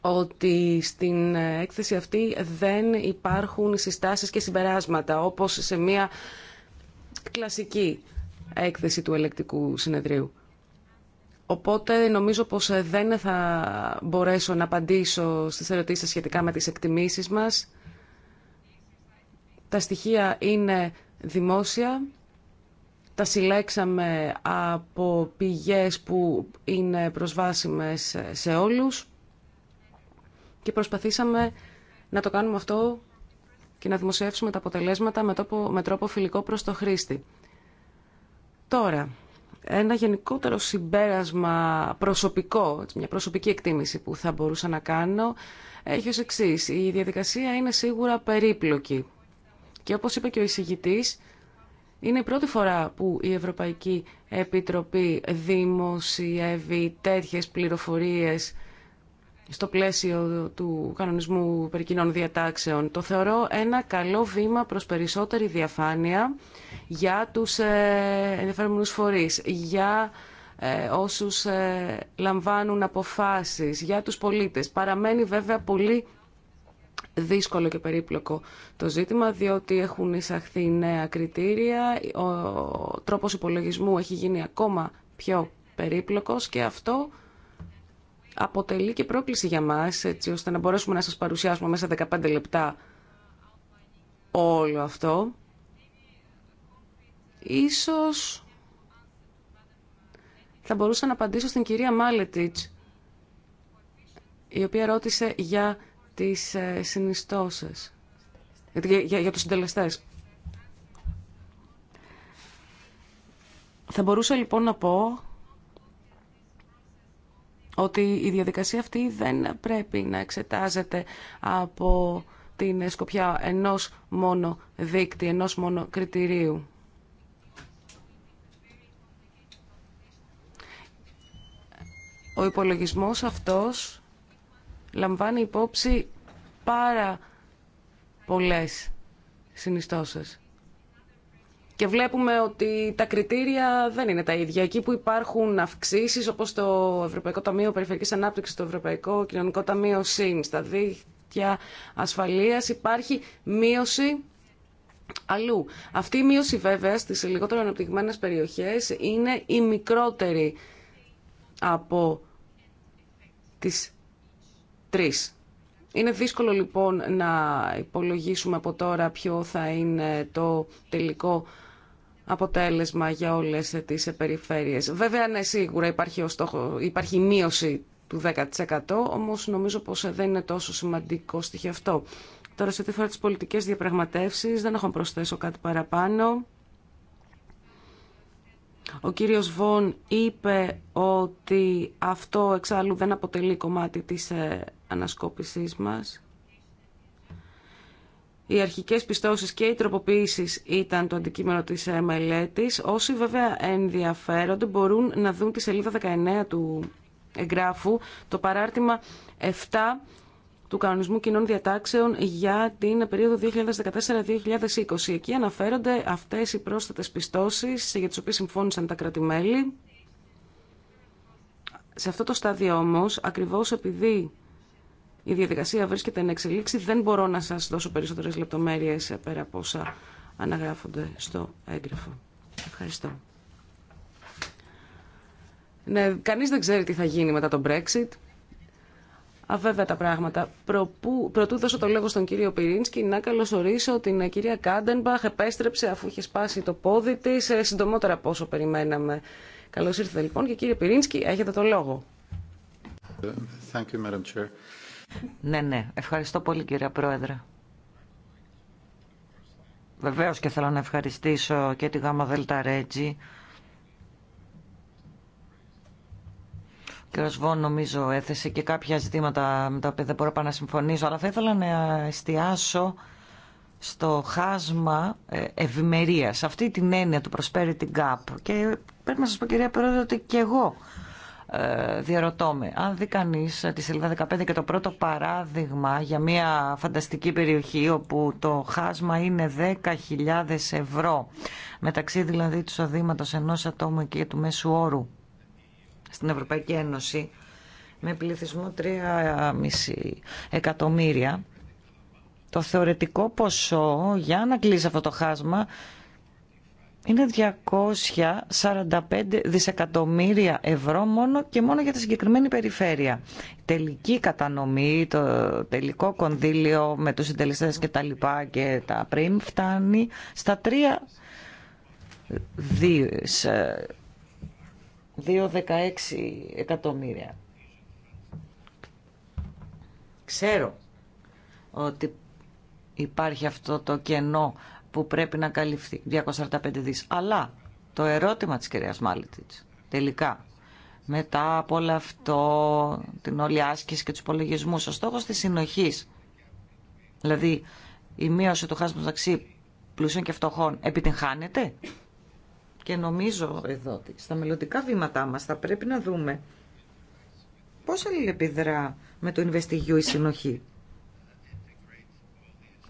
ότι στην έκθεση αυτή δεν υπάρχουν συστάσεις και συμπεράσματα, όπως σε μια κλασική έκθεση του ελεκτικού συνεδρίου. Οπότε νομίζω πως δεν θα μπορέσω να απαντήσω στις ερωτήσεις σχετικά με τις εκτιμήσεις μας. Τα στοιχεία είναι δημόσια. Τα συλλέξαμε από πηγές που είναι προσβάσιμες σε όλους και προσπαθήσαμε να το κάνουμε αυτό και να δημοσιεύσουμε τα αποτελέσματα με τρόπο, φιλικό προς το χρήστη. Τώρα, ένα γενικότερο συμπέρασμα προσωπικό, μια προσωπική εκτίμηση που θα μπορούσα να κάνω, έχει ως εξή. Η διαδικασία είναι σίγουρα περίπλοκη. Και όπως είπε και ο εισηγητής, είναι η πρώτη φορά που η Ευρωπαϊκή Επιτροπή δημοσιεύει τέτοιες πληροφορίες στο πλαίσιο του κανονισμού περί διατάξεων. Το θεωρώ ένα καλό βήμα προς περισσότερη διαφάνεια για τους ε, ενδιαφέρουμενους φορείς, για ε, όσους ε, λαμβάνουν αποφάσεις, για τους πολίτες. Παραμένει βέβαια πολύ δύσκολο και περίπλοκο το ζήτημα, διότι έχουν εισαχθεί νέα κριτήρια, ο τρόπος υπολογισμού έχει γίνει ακόμα πιο περίπλοκος και αυτό αποτελεί και πρόκληση για μας, έτσι ώστε να μπορέσουμε να σας παρουσιάσουμε μέσα 15 λεπτά όλο αυτό. Ίσως θα μπορούσα να απαντήσω στην κυρία Μάλετιτς, η οποία ρώτησε για τις ε, συνιστώσεις, για, για, για τους συντελεστές. Θα μπορούσα λοιπόν να πω ότι η διαδικασία αυτή δεν πρέπει να εξετάζεται από την σκοπιά ενός μόνο δίκτυ, ενός μόνο κριτηρίου. Ο υπολογισμός αυτός λαμβάνει υπόψη πάρα πολλές συνιστώσεις. Και βλέπουμε ότι τα κριτήρια δεν είναι τα ίδια. Εκεί που υπάρχουν αυξήσει όπως το Ευρωπαϊκό Ταμείο Περιφερειακή Ανάπτυξης, το Ευρωπαϊκό Κοινωνικό Ταμείο ΣΥΝ, στα δίκτυα ασφαλείας, υπάρχει μείωση αλλού. Αυτή η μείωση βέβαια στις λιγότερο αναπτυγμένες περιοχές είναι η μικρότερη από τις τρεις. Είναι δύσκολο λοιπόν να υπολογίσουμε από τώρα ποιο θα είναι το τελικό αποτέλεσμα για όλες τις περιφέρειες. Βέβαια, ναι, σίγουρα υπάρχει, ο στόχο, υπάρχει μείωση του 10%, όμως νομίζω πως δεν είναι τόσο σημαντικό στοιχείο αυτό. Τώρα, σε ό,τι φορά τις πολιτικές διαπραγματεύσεις, δεν έχω να προσθέσω κάτι παραπάνω. Ο κύριος Βον είπε ότι αυτό εξάλλου δεν αποτελεί κομμάτι της ε, ανασκόπησής μας οι αρχικές πιστώσεις και οι τροποποίησει ήταν το αντικείμενο της ε, μελέτη, Όσοι βέβαια ενδιαφέρονται μπορούν να δουν τη σελίδα 19 του εγγράφου, το παράρτημα 7 του Κανονισμού Κοινών Διατάξεων για την περίοδο 2014-2020. Εκεί αναφέρονται αυτές οι πρόσθετες πιστώσεις για τις οποίες συμφώνησαν τα κρατημέλη. Σε αυτό το στάδιο όμως, ακριβώς επειδή η διαδικασία βρίσκεται εν εξελίξη. Δεν μπορώ να σας δώσω περισσότερες λεπτομέρειες πέρα από όσα αναγράφονται στο έγγραφο. Ευχαριστώ. Ναι, κανείς δεν ξέρει τι θα γίνει μετά τον Brexit. Αβέβαια τα πράγματα. Προπού, προτού δώσω το λόγο στον κύριο Πυρίνσκι, να καλωσορίσω την κυρία Κάντενμπαχ. Επέστρεψε αφού είχε σπάσει το πόδι τη, ε, συντομότερα από όσο περιμέναμε. Καλώ ήρθατε λοιπόν και κύριε Πυρίνσκι, έχετε το λόγο. Thank you, Madam Chair. Ναι, ναι. Ευχαριστώ πολύ κυρία Πρόεδρε. Βεβαίως και θέλω να ευχαριστήσω και τη ΓΑΜΑ ΔΕΛΤΑ Ρέτζη. Ο κ. Βόν νομίζω έθεσε και κάποια ζητήματα με τα οποία δεν μπορώ να συμφωνήσω, αλλά θα ήθελα να εστιάσω στο χάσμα ε, ευημερία, αυτή την έννοια του prosperity gap. Και πρέπει να σας πω κυρία Πρόεδρε ότι και εγώ ε, διαρωτώ με, αν δει κανεί τη σελίδα 15 και το πρώτο παράδειγμα για μια φανταστική περιοχή όπου το χάσμα είναι 10.000 ευρώ μεταξύ δηλαδή του οδήματο ενός ατόμου και του μέσου όρου στην Ευρωπαϊκή Ένωση με πληθυσμό 3,5 εκατομμύρια το θεωρητικό ποσό για να κλείσει αυτό το χάσμα είναι 245 δισεκατομμύρια ευρώ μόνο και μόνο για τη συγκεκριμένη περιφέρεια. Τελική κατανομή, το τελικό κονδύλιο με τους συντελεστές και τα λοιπά και τα πριν φτάνει στα 3 ε, δύο 2,16 εκατομμύρια. Ξέρω ότι υπάρχει αυτό το κενό που πρέπει να καλυφθεί, 245 δις. Αλλά το ερώτημα της κυρίας Μάλιτιτς, τελικά, μετά από όλο αυτό, την όλη άσκηση και τους υπολογισμού, ο στόχος της συνοχής, δηλαδή η μείωση του χάσματος μεταξύ πλουσίων και φτωχών, επιτυγχάνεται. Και νομίζω εδώ ότι στα μελλοντικά βήματά μας θα πρέπει να δούμε πώς αλληλεπιδρά με το InvestEU η συνοχή.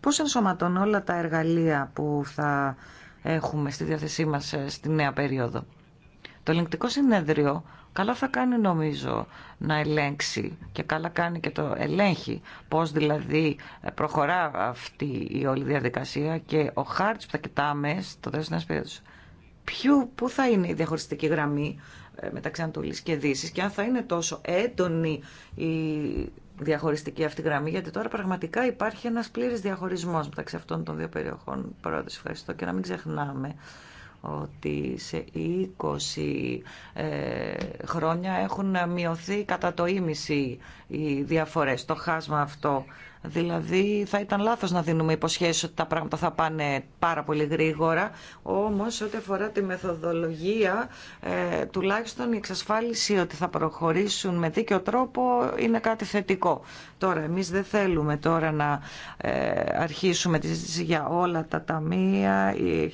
Πώς ενσωματών όλα τα εργαλεία που θα έχουμε στη διάθεσή μας ε, στη νέα περίοδο. Το ελεγκτικό συνέδριο καλά θα κάνει νομίζω να ελέγξει και καλά κάνει και το ελέγχει πώς δηλαδή ε, προχωρά αυτή η όλη διαδικασία και ο χάρτης που θα κοιτάμε στο τέλος της περίοδος ποιο, πού θα είναι η διαχωριστική γραμμή ε, μεταξύ Ανατολής και Δύσης και αν θα είναι τόσο έντονη η διαχωριστική αυτή γραμμή, γιατί τώρα πραγματικά υπάρχει ένας πλήρης διαχωρισμός μεταξύ αυτών των δύο περιοχών. Πρώτα ευχαριστώ και να μην ξεχνάμε ότι σε 20 ε, χρόνια έχουν μειωθεί κατά το ίμιση οι διαφορές, το χάσμα αυτό Δηλαδή θα ήταν λάθος να δίνουμε υποσχέσεις ότι τα πράγματα θα πάνε πάρα πολύ γρήγορα, όμως ό,τι αφορά τη μεθοδολογία, ε, τουλάχιστον η εξασφάλιση ότι θα προχωρήσουν με δίκιο τρόπο είναι κάτι θετικό. Τώρα, εμείς δεν θέλουμε τώρα να ε, αρχίσουμε τη συζήτηση για όλα τα ταμεία, οι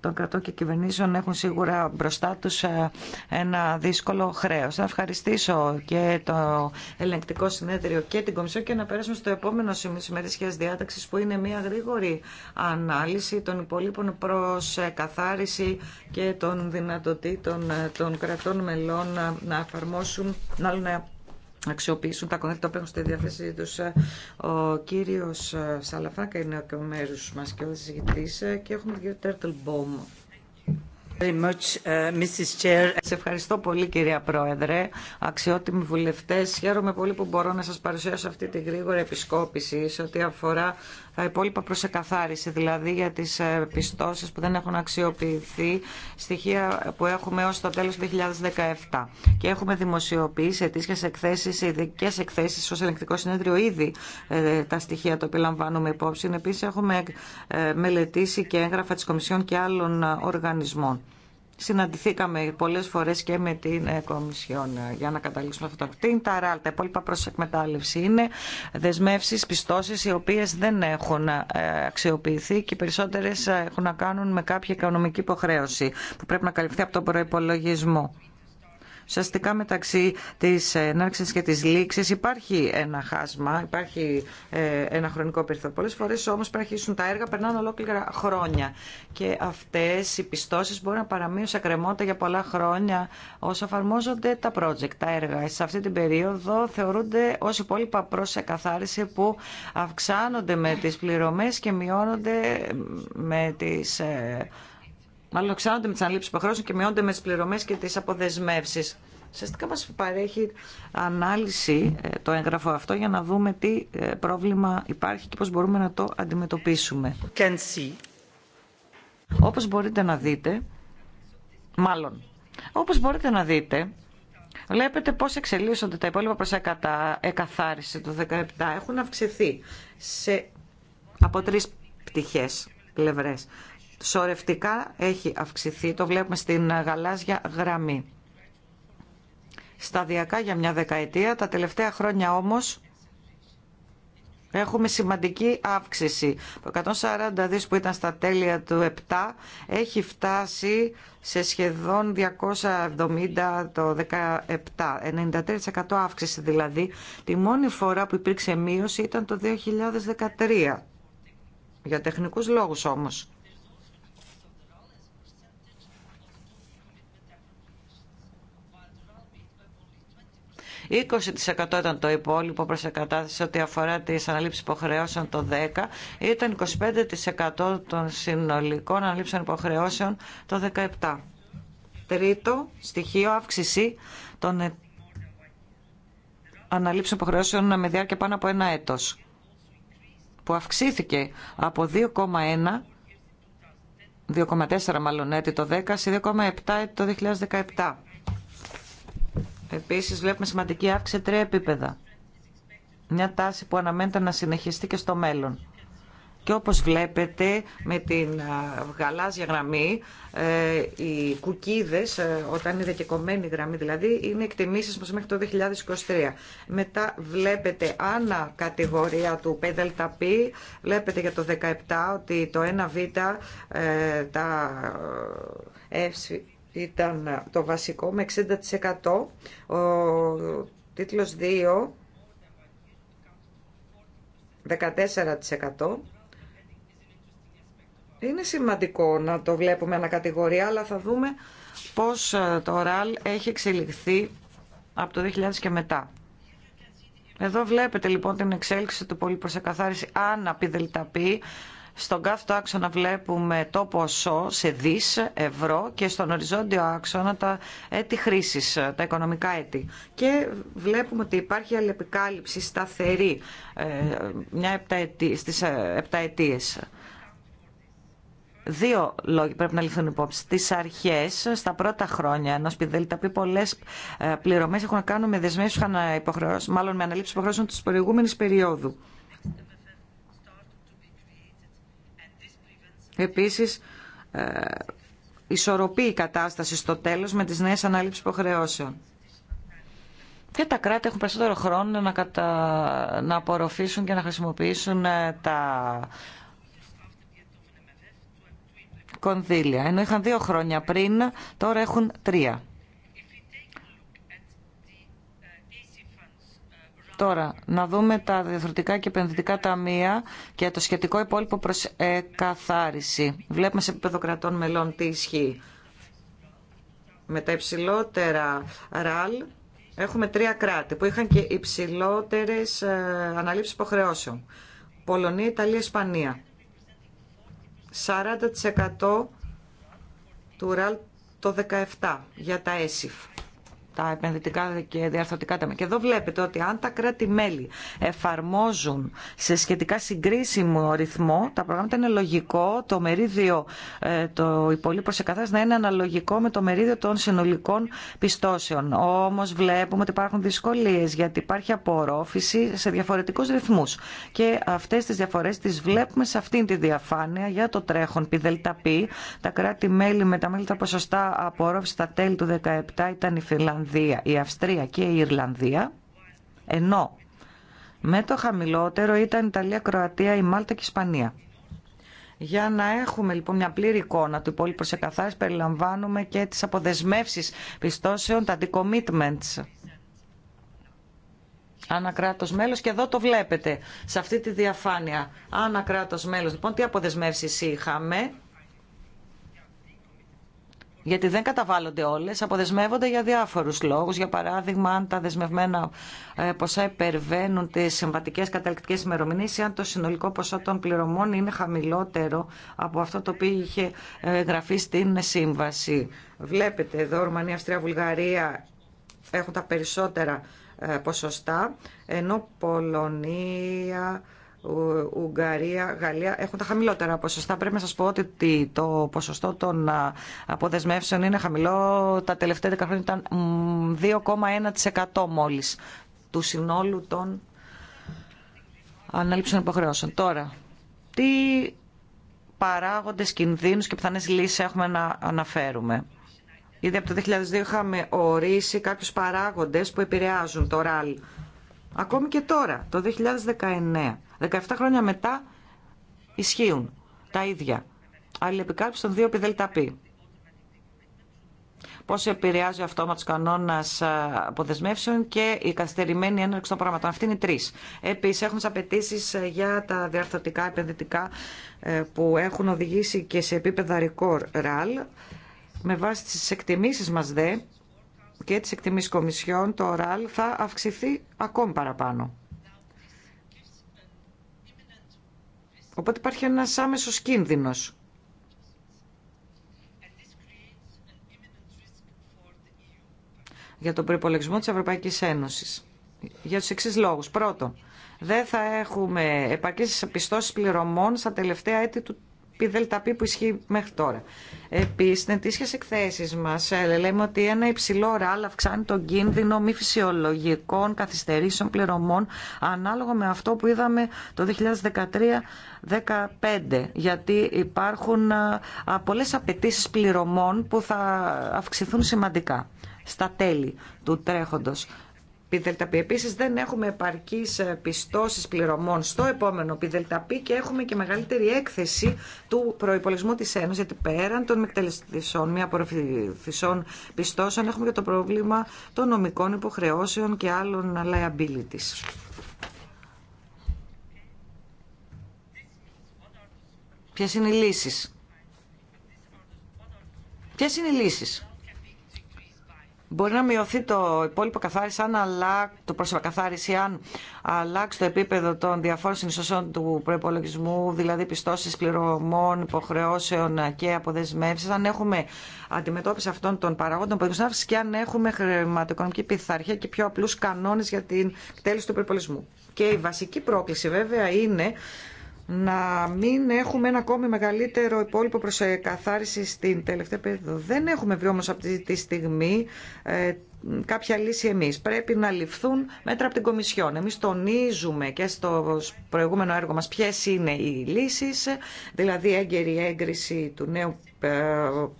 των κρατών και κυβερνήσεων έχουν σίγουρα μπροστά τους ε, ένα δύσκολο χρέος. Θα ευχαριστήσω και το ελεγκτικό συνέδριο και την να περάσουμε στο επόμενο σημείο της ημερησίας διάταξης που είναι μια γρήγορη ανάλυση των υπολείπων προς ε, καθάριση και των δυνατοτήτων ε, των κρατών μελών ε, να εφαρμόσουν, να αξιοποιήσουν τα κονδύλια που έχουν στη διάθεσή του. Ο κύριο Σαλαφάκα είναι ο μέρο μα και ο συζητητή και έχουμε δυο κύριο μπομ. Uh, σε ευχαριστώ πολύ κυρία Πρόεδρε, αξιότιμοι βουλευτές. Χαίρομαι πολύ που μπορώ να σας παρουσιάσω αυτή τη γρήγορη επισκόπηση σε ό,τι αφορά τα υπόλοιπα προς εκαθάριση, δηλαδή για τις ε, πιστώσεις που δεν έχουν αξιοποιηθεί, στοιχεία που έχουμε ως το τέλος του 2017. Και έχουμε δημοσιοποιήσει ετήσιες εκθέσεις, ειδικέ εκθέσεις ως ελεγκτικό συνέδριο ήδη ε, τα στοιχεία τα οποία λαμβάνουμε υπόψη. Επίσης έχουμε ε, μελετήσει και έγγραφα της Κομισιόν και άλλων οργανισμών. Συναντηθήκαμε πολλές φορές και με την ε, Κομισιόν ε, για να καταλήξουμε αυτό το κτίν. Τα ράλ, τα υπόλοιπα προς εκμετάλλευση είναι δεσμεύσεις, πιστώσεις οι οποίες δεν έχουν ε, αξιοποιηθεί και οι περισσότερες έχουν να κάνουν με κάποια οικονομική υποχρέωση που πρέπει να καλυφθεί από τον προϋπολογισμό. Ουσιαστικά μεταξύ της έναρξης και της λήξης υπάρχει ένα χάσμα, υπάρχει ε, ένα χρονικό περιθώριο. Πολλές φορές όμως πρέπει να αρχίσουν τα έργα, περνάνε ολόκληρα χρόνια. Και αυτές οι πιστώσεις μπορεί να παραμείνουν σε κρεμότητα για πολλά χρόνια όσο εφαρμόζονται τα project, τα έργα. Σε αυτή την περίοδο θεωρούνται ως υπόλοιπα προς εκαθάριση που αυξάνονται με τις πληρωμές και μειώνονται με τις ε, μάλλον αυξάνονται με τι αναλήψει υποχρεώσεων και μειώνονται με τι πληρωμέ και τι αποδεσμεύσει. Ουσιαστικά μα παρέχει ανάλυση ε, το έγγραφο αυτό για να δούμε τι ε, πρόβλημα υπάρχει και πώ μπορούμε να το αντιμετωπίσουμε. Can Όπως μπορείτε να δείτε, μάλλον, όπως μπορείτε να δείτε, Βλέπετε πώς εξελίσσονται τα υπόλοιπα προς εκαθάριση του 2017. Έχουν αυξηθεί από τρεις πτυχές πλευρές σορευτικά έχει αυξηθεί, το βλέπουμε στην γαλάζια γραμμή. Σταδιακά για μια δεκαετία, τα τελευταία χρόνια όμως Έχουμε σημαντική αύξηση. Το 140 που ήταν στα τέλεια του 7 έχει φτάσει σε σχεδόν 270 το 17. 93% αύξηση δηλαδή. Τη μόνη φορά που υπήρξε μείωση ήταν το 2013. Για τεχνικούς λόγους όμως. 20% ήταν το υπόλοιπο προς εγκατάσταση ό,τι αφορά τις αναλήψεις υποχρεώσεων το 10, ήταν 25% των συνολικών αναλήψεων υποχρεώσεων το 17. Τρίτο στοιχείο, αύξηση των ε, αναλήψεων υποχρεώσεων με διάρκεια πάνω από ένα έτος που αυξήθηκε από 2,1 2,4 μάλλον έτη το 10 σε 2,7 έτη το 2017. Επίσης βλέπουμε σημαντική αύξηση σε τρία επίπεδα. Μια τάση που αναμένεται να συνεχιστεί και στο μέλλον. Και όπως βλέπετε με την γαλάζια γραμμή, ε, οι κουκίδες, ε, όταν είναι δεκεκομμένη γραμμή δηλαδή, είναι εκτιμήσεις μας μέχρι το 2023. Μετά βλέπετε άνα κατηγορία του 5 βλέπετε για το 17 ότι το 1β ε, τα ήταν το βασικό με 60%. Ο τίτλος 2 14%. Είναι σημαντικό να το βλέπουμε ανακατηγορία, αλλά θα δούμε πώς ε, το ΡΑΛ έχει εξελιχθεί από το 2000 και μετά. Εδώ βλέπετε λοιπόν την εξέλιξη του πολυπροσεκαθάριση αν απειδελταπεί στον κάθε άξονα βλέπουμε το ποσό σε δις ευρώ και στον οριζόντιο άξονα τα έτη χρήσης, τα οικονομικά έτη. Και βλέπουμε ότι υπάρχει αλληλεπικάλυψη σταθερή ε, μια επταετή, στις ε, επταετίες δύο λόγοι πρέπει να ληφθούν υπόψη. Τι αρχέ, στα πρώτα χρόνια ενό δηλαδή πει πολλέ ε, πληρωμέ έχουν να κάνουν με δεσμεύσει που είχαν υποχρεώσει, μάλλον με αναλήψει υποχρεώσεων τη προηγούμενη περίοδου. Επίσης, ε, ισορροπεί η κατάσταση στο τέλος με τις νέες ανάληψεις υποχρεώσεων. Και τα κράτη έχουν περισσότερο χρόνο να, κατα... να απορροφήσουν και να χρησιμοποιήσουν ε, τα κονδύλια. Ενώ είχαν δύο χρόνια πριν, τώρα έχουν τρία. Τώρα, να δούμε τα διαφορετικά και επενδυτικά ταμεία και το σχετικό υπόλοιπο προς εκαθάριση. Βλέπουμε σε επίπεδο κρατών μελών τι ισχύει. Με τα υψηλότερα ραλ έχουμε τρία κράτη που είχαν και υψηλότερες ε, αναλήψεις υποχρεώσεων. Πολωνία, Ιταλία, Ισπανία. 40% του ραλ το 17 για τα ΕΣΥΦ τα επενδυτικά και διαρθρωτικά ταμεία. Και εδώ βλέπετε ότι αν τα κράτη-μέλη εφαρμόζουν σε σχετικά συγκρίσιμο ρυθμό τα προγράμματα, είναι λογικό το μερίδιο ε, το υπολείπω σε να είναι αναλογικό με το μερίδιο των συνολικών πιστώσεων. Όμω βλέπουμε ότι υπάρχουν δυσκολίε γιατί υπάρχει απορρόφηση σε διαφορετικού ρυθμού. Και αυτέ τι διαφορέ τι βλέπουμε σε αυτήν τη διαφάνεια για το τρέχον πι. Τα κράτη-μέλη με τα μέλη τα ποσοστά απορρόφηση στα τέλη του 2017 ήταν η Φιλανδία η Αυστρία και η Ιρλανδία, ενώ με το χαμηλότερο ήταν η Ιταλία, Κροατία, η Μάλτα και η Ισπανία. Για να έχουμε λοιπόν μια πλήρη εικόνα του υπόλοιπου σε περιλαμβάνουμε και τις αποδεσμεύσεις πιστώσεων, τα decommitments. Ανακράτος μέλος και εδώ το βλέπετε σε αυτή τη διαφάνεια. Ανακράτος μέλος. Λοιπόν, τι αποδεσμεύσεις είχαμε γιατί δεν καταβάλλονται όλες, αποδεσμεύονται για διάφορους λόγους. Για παράδειγμα, αν τα δεσμευμένα ε, ποσά υπερβαίνουν τι συμβατικέ καταληκτικές ημερομηνίε, ή αν το συνολικό ποσό των πληρωμών είναι χαμηλότερο από αυτό το οποίο είχε ε, γραφεί στην σύμβαση. Βλέπετε εδώ, Ρουμανία, Αυστρία, Βουλγαρία έχουν τα περισσότερα ε, ποσοστά, ενώ Πολωνία, Ουγγαρία, Γαλλία έχουν τα χαμηλότερα ποσοστά. Πρέπει να σα πω ότι το ποσοστό των αποδεσμεύσεων είναι χαμηλό. Τα τελευταία 10 χρόνια ήταν 2,1% μόλι του συνόλου των ανάληψεων υποχρεώσεων. Τώρα, τι παράγοντες κινδύνους και πιθανές λύσεις έχουμε να αναφέρουμε. Ήδη από το 2002 είχαμε ορίσει κάποιους παράγοντες που επηρεάζουν το ραλ. Ακόμη και τώρα, το 2019 17 χρόνια μετά ισχύουν τα ίδια. Αλληλεπικάλυψη των 2 πιδελταπή. Πώ επηρεάζει αυτό αυτόματο κανόνα αποδεσμεύσεων και η καθυστερημένη έναρξη των πραγματών. Αυτή είναι οι τρει. Επίση, έχουμε τι απαιτήσει ε, για τα διαρθρωτικά επενδυτικά ε, που έχουν οδηγήσει και σε επίπεδα ρεκόρ ραλ. Με βάση τι εκτιμήσει μα, δε και τι εκτιμήσει κομισιών, το ραλ θα αυξηθεί ακόμη παραπάνω. Οπότε υπάρχει ένας άμεσος κίνδυνος. για τον προπολογισμό της Ευρωπαϊκής Ένωσης. Για τους εξής λόγους. Πρώτον, δεν θα έχουμε επαρκείς πιστώσεις πληρωμών στα τελευταία έτη του ΠΔΠ που ισχύει μέχρι τώρα. Επίση, στην ετήσιε εκθέσει μα ε, λέμε ότι ένα υψηλό ράλ αυξάνει τον κίνδυνο μη φυσιολογικών καθυστερήσεων πληρωμών ανάλογα με αυτό που είδαμε το 2013-2015. Γιατί υπάρχουν ε, πολλέ απαιτήσει πληρωμών που θα αυξηθούν σημαντικά στα τέλη του τρέχοντος ΠΔΠ. Επίσης δεν έχουμε επαρκείς ε, πιστώσεις πληρωμών στο επόμενο ΠΔΠ και έχουμε και μεγαλύτερη έκθεση του προϋπολογισμού της Ένωσης γιατί πέραν των μεκτελεστήσεων, μια απορροφηθησών πιστώσεων έχουμε και το πρόβλημα των νομικών υποχρεώσεων και άλλων liabilities. Ποιες είναι οι λύσεις. Ποιες είναι οι λύσεις. Μπορεί να μειωθεί το υπόλοιπο καθάριση, αν αλλάξει, το πρόσωπο αν αλλάξει το επίπεδο των διαφόρων συνισωσών του προπολογισμού, δηλαδή πιστώσεις, πληρωμών, υποχρεώσεων και αποδεσμεύσει, αν έχουμε αντιμετώπιση αυτών των παραγόντων που και αν έχουμε χρηματοοικονομική πειθαρχία και πιο απλούς κανόνες για την εκτέλεση του προπολογισμού. Και η βασική πρόκληση βέβαια είναι να μην έχουμε ένα ακόμη μεγαλύτερο υπόλοιπο προς ε, καθάριση στην τελευταία περίοδο. Δεν έχουμε βρει όμως αυτή τη στιγμή ε, κάποια λύση εμείς. Πρέπει να ληφθούν μέτρα από την Κομισιόν. Εμείς τονίζουμε και στο προηγούμενο έργο μας ποιες είναι οι λύσεις, δηλαδή έγκαιρη έγκριση του νέου ε,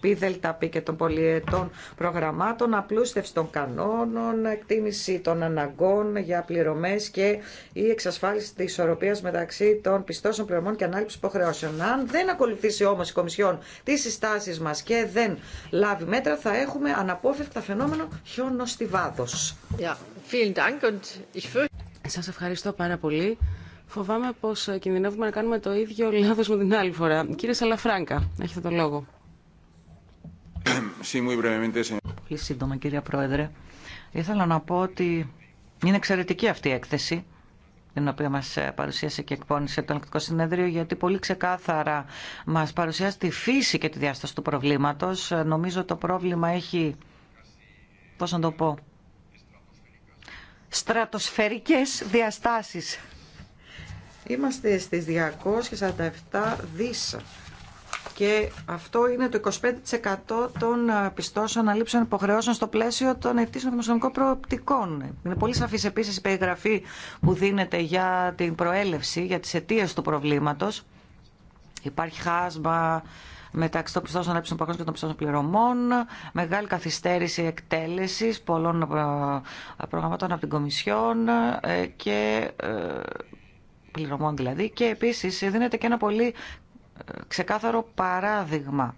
ΠΔΠ και των πολιετών προγραμμάτων, απλούστευση των κανόνων, εκτίμηση των αναγκών για πληρωμές και η εξασφάλιση της ισορροπίας μεταξύ των πιστώσεων πληρωμών και ανάληψη υποχρεώσεων. Αν δεν ακολουθήσει όμως η Κομισιόν τις συστάσεις μας και δεν λάβει μέτρα, θα έχουμε αναπόφευκτα φαινόμενο ως Σας ευχαριστώ πάρα πολύ. Φοβάμαι πως ε, κινδυνεύουμε να κάνουμε το ίδιο λάθος με την άλλη φορά. Κύριε Σαλαφράγκα, έχετε το λόγο. Πολύ σύντομα κύριε Πρόεδρε. Ήθελα να πω ότι είναι εξαιρετική αυτή η έκθεση την οποία μας ε, παρουσίασε και εκπώνησε το Ελεκτικό Συνέδριο, γιατί πολύ ξεκάθαρα μας παρουσιάζει τη φύση και τη διάσταση του προβλήματος. Ε, νομίζω το πρόβλημα έχει πώς να το πω, στρατοσφαιρικές διαστάσεις. Είμαστε στις 247 δις και αυτό είναι το 25% των ε, πιστώσεων αλήψεων υποχρεώσεων στο πλαίσιο των ετήσιων δημοσιονομικών προοπτικών. Είναι πολύ σαφής επίσης η περιγραφή που δίνεται για την προέλευση, για τις αιτίες του προβλήματος. Υπάρχει χάσμα μεταξύ των πιστώσεων ανάπτυξη των και των πιστώσεων πληρωμών, μεγάλη καθυστέρηση εκτέλεση πολλών ε, προγραμμάτων από την Κομισιόν ε, και ε, πληρωμών δηλαδή και επίσης δίνεται και ένα πολύ ξεκάθαρο παράδειγμα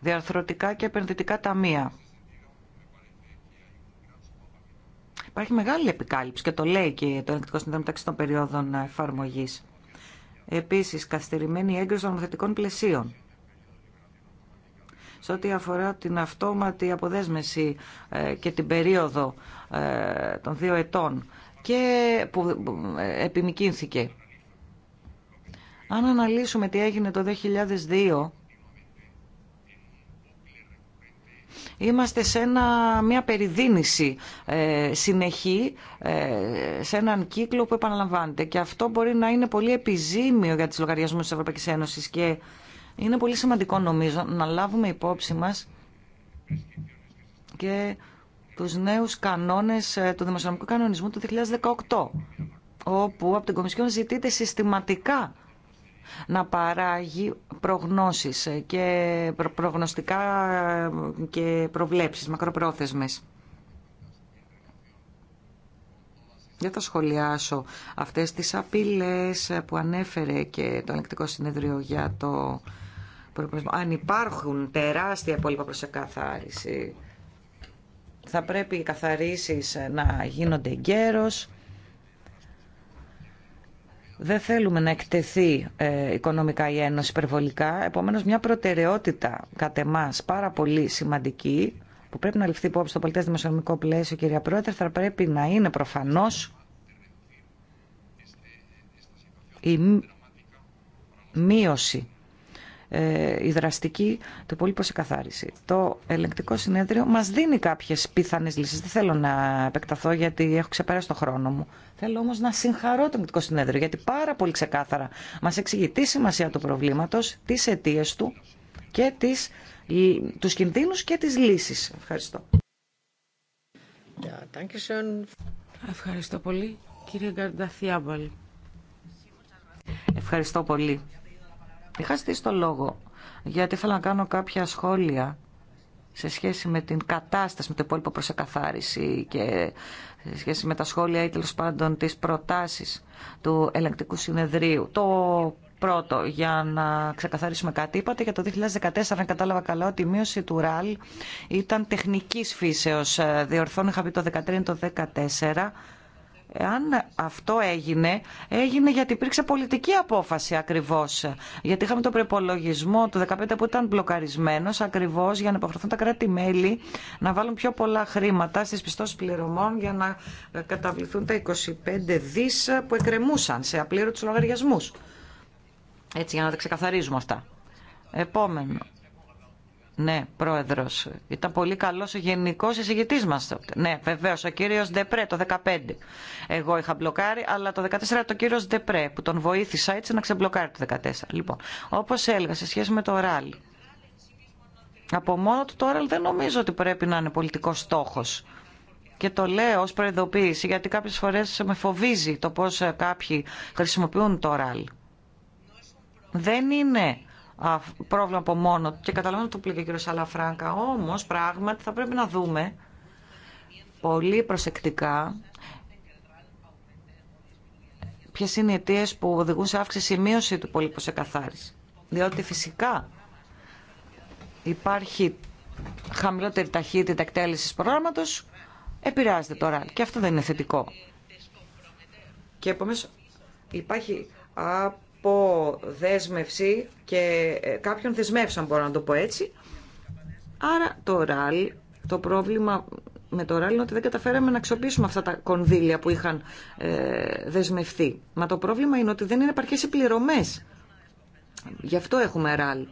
διαρθρωτικά και επενδυτικά ταμεία. Υπάρχει μεγάλη επικάλυψη και το λέει και το ελεκτικό συνδέμα μεταξύ των περίοδων εφαρμογής. Επίσης, καθυστερημένη έγκριση των νομοθετικών πλαισίων. Σε ό,τι αφορά την αυτόματη αποδέσμευση ε, και την περίοδο ε, των δύο ετών και που ε, επιμηκύνθηκε. Αν αναλύσουμε τι έγινε το 2002 Είμαστε σε μια περιδίνηση ε, συνεχή, ε, σε έναν κύκλο που επαναλαμβάνεται. Και αυτό μπορεί να είναι πολύ επιζήμιο για τις λογαριασμούς της Ευρωπαϊκής Ένωσης και είναι πολύ σημαντικό νομίζω να λάβουμε υπόψη μας και τους νέους κανόνες ε, του Δημοσιονομικού Κανονισμού του 2018 όπου από την Κομισιόν ζητείται συστηματικά να παράγει προγνώσεις και προγνωστικά και προβλέψεις μακροπρόθεσμες. Δεν θα σχολιάσω αυτές τις απειλές που ανέφερε και το Ελεκτικό Συνέδριο για το προβλέψιμο. Αν υπάρχουν τεράστια υπόλοιπα προς εκαθάριση, θα πρέπει οι καθαρίσεις να γίνονται γέρος, δεν θέλουμε να εκτεθεί ε, οικονομικά η Ένωση υπερβολικά, επομένως μια προτεραιότητα κατά εμά πάρα πολύ σημαντική που πρέπει να ληφθεί υπόψη στο πολιτικό δημοσιονομικό πλαίσιο, κυρία Πρόεδρε, θα πρέπει να είναι προφανω η μείωση ε, η δραστική, του υπόλοιπου σε καθάριση. Το ελεγκτικό συνέδριο μας δίνει κάποιες πιθανές λύσεις. Δεν θέλω να επεκταθώ γιατί έχω ξεπεράσει το χρόνο μου. Θέλω όμως να συγχαρώ το ελεγκτικό συνέδριο γιατί πάρα πολύ ξεκάθαρα μας εξηγεί τη σημασία του προβλήματος, τις αιτίε του και τις, τους κινδύνους και τις λύσεις. Ευχαριστώ. Ευχαριστώ πολύ. Κύριε Γκαρνταθιάμπαλ. Ευχαριστώ πολύ. Είχα στήσει το λόγο γιατί ήθελα να κάνω κάποια σχόλια σε σχέση με την κατάσταση, με το υπόλοιπο προσεκαθάριση και σε σχέση με τα σχόλια ή τέλο πάντων τις προτάσεις του ελεγκτικού συνεδρίου. Το πρώτο, για να ξεκαθαρίσουμε κάτι, είπατε για το 2014, αν κατάλαβα καλά, ότι η μείωση του ΡΑΛ ήταν τεχνικής φύσεως. Ε, διορθώνω, είχα πει το 2013 το 2014 αν αυτό έγινε, έγινε γιατί υπήρξε πολιτική απόφαση ακριβώ. Γιατί είχαμε τον προπολογισμό του 2015 που ήταν μπλοκαρισμένο ακριβώ για να υποχρεωθούν τα κράτη-μέλη να βάλουν πιο πολλά χρήματα στι πιστώσει πληρωμών για να καταβληθούν τα 25 δι που εκκρεμούσαν σε απλήρωτου λογαριασμού. Έτσι, για να τα ξεκαθαρίζουμε αυτά. Επόμενο ναι, πρόεδρο. Ήταν πολύ καλό ο γενικό εισηγητή μα. Ναι, βεβαίω, ο κύριο Ντεπρέ το 2015. Εγώ είχα μπλοκάρει, αλλά το 2014 το κύριο Ντεπρέ που τον βοήθησα έτσι να ξεμπλοκάρει το 2014. Λοιπόν, όπω έλεγα σε σχέση με το ράλι. Από μόνο του το ράλι δεν νομίζω ότι πρέπει να είναι πολιτικό στόχο. Και το λέω ω προειδοποίηση γιατί κάποιε φορέ με φοβίζει το πώ κάποιοι χρησιμοποιούν το ράλι. Δεν είναι πρόβλημα από μόνο του και καταλαβαίνω το που ο κ. Σαλαφράγκα. Όμως πράγματι θα πρέπει να δούμε πολύ προσεκτικά ποιε είναι οι αιτίε που οδηγούν σε αύξηση ή μείωση του πολύπου σε καθάριση. Διότι φυσικά υπάρχει χαμηλότερη ταχύτητα εκτέλεση προγράμματο, επηρεάζεται τώρα και αυτό δεν είναι θετικό. Και επομένως υπάρχει Πω δέσμευση και ε, κάποιον δεσμεύσαν μπορώ να το πω έτσι. Άρα το ραλ, το πρόβλημα με το ραλ είναι ότι δεν καταφέραμε να αξιοποιήσουμε αυτά τα κονδύλια που είχαν ε, δεσμευθεί. Μα το πρόβλημα είναι ότι δεν είναι επαρκές οι πληρωμές. Γι' αυτό έχουμε ραλ.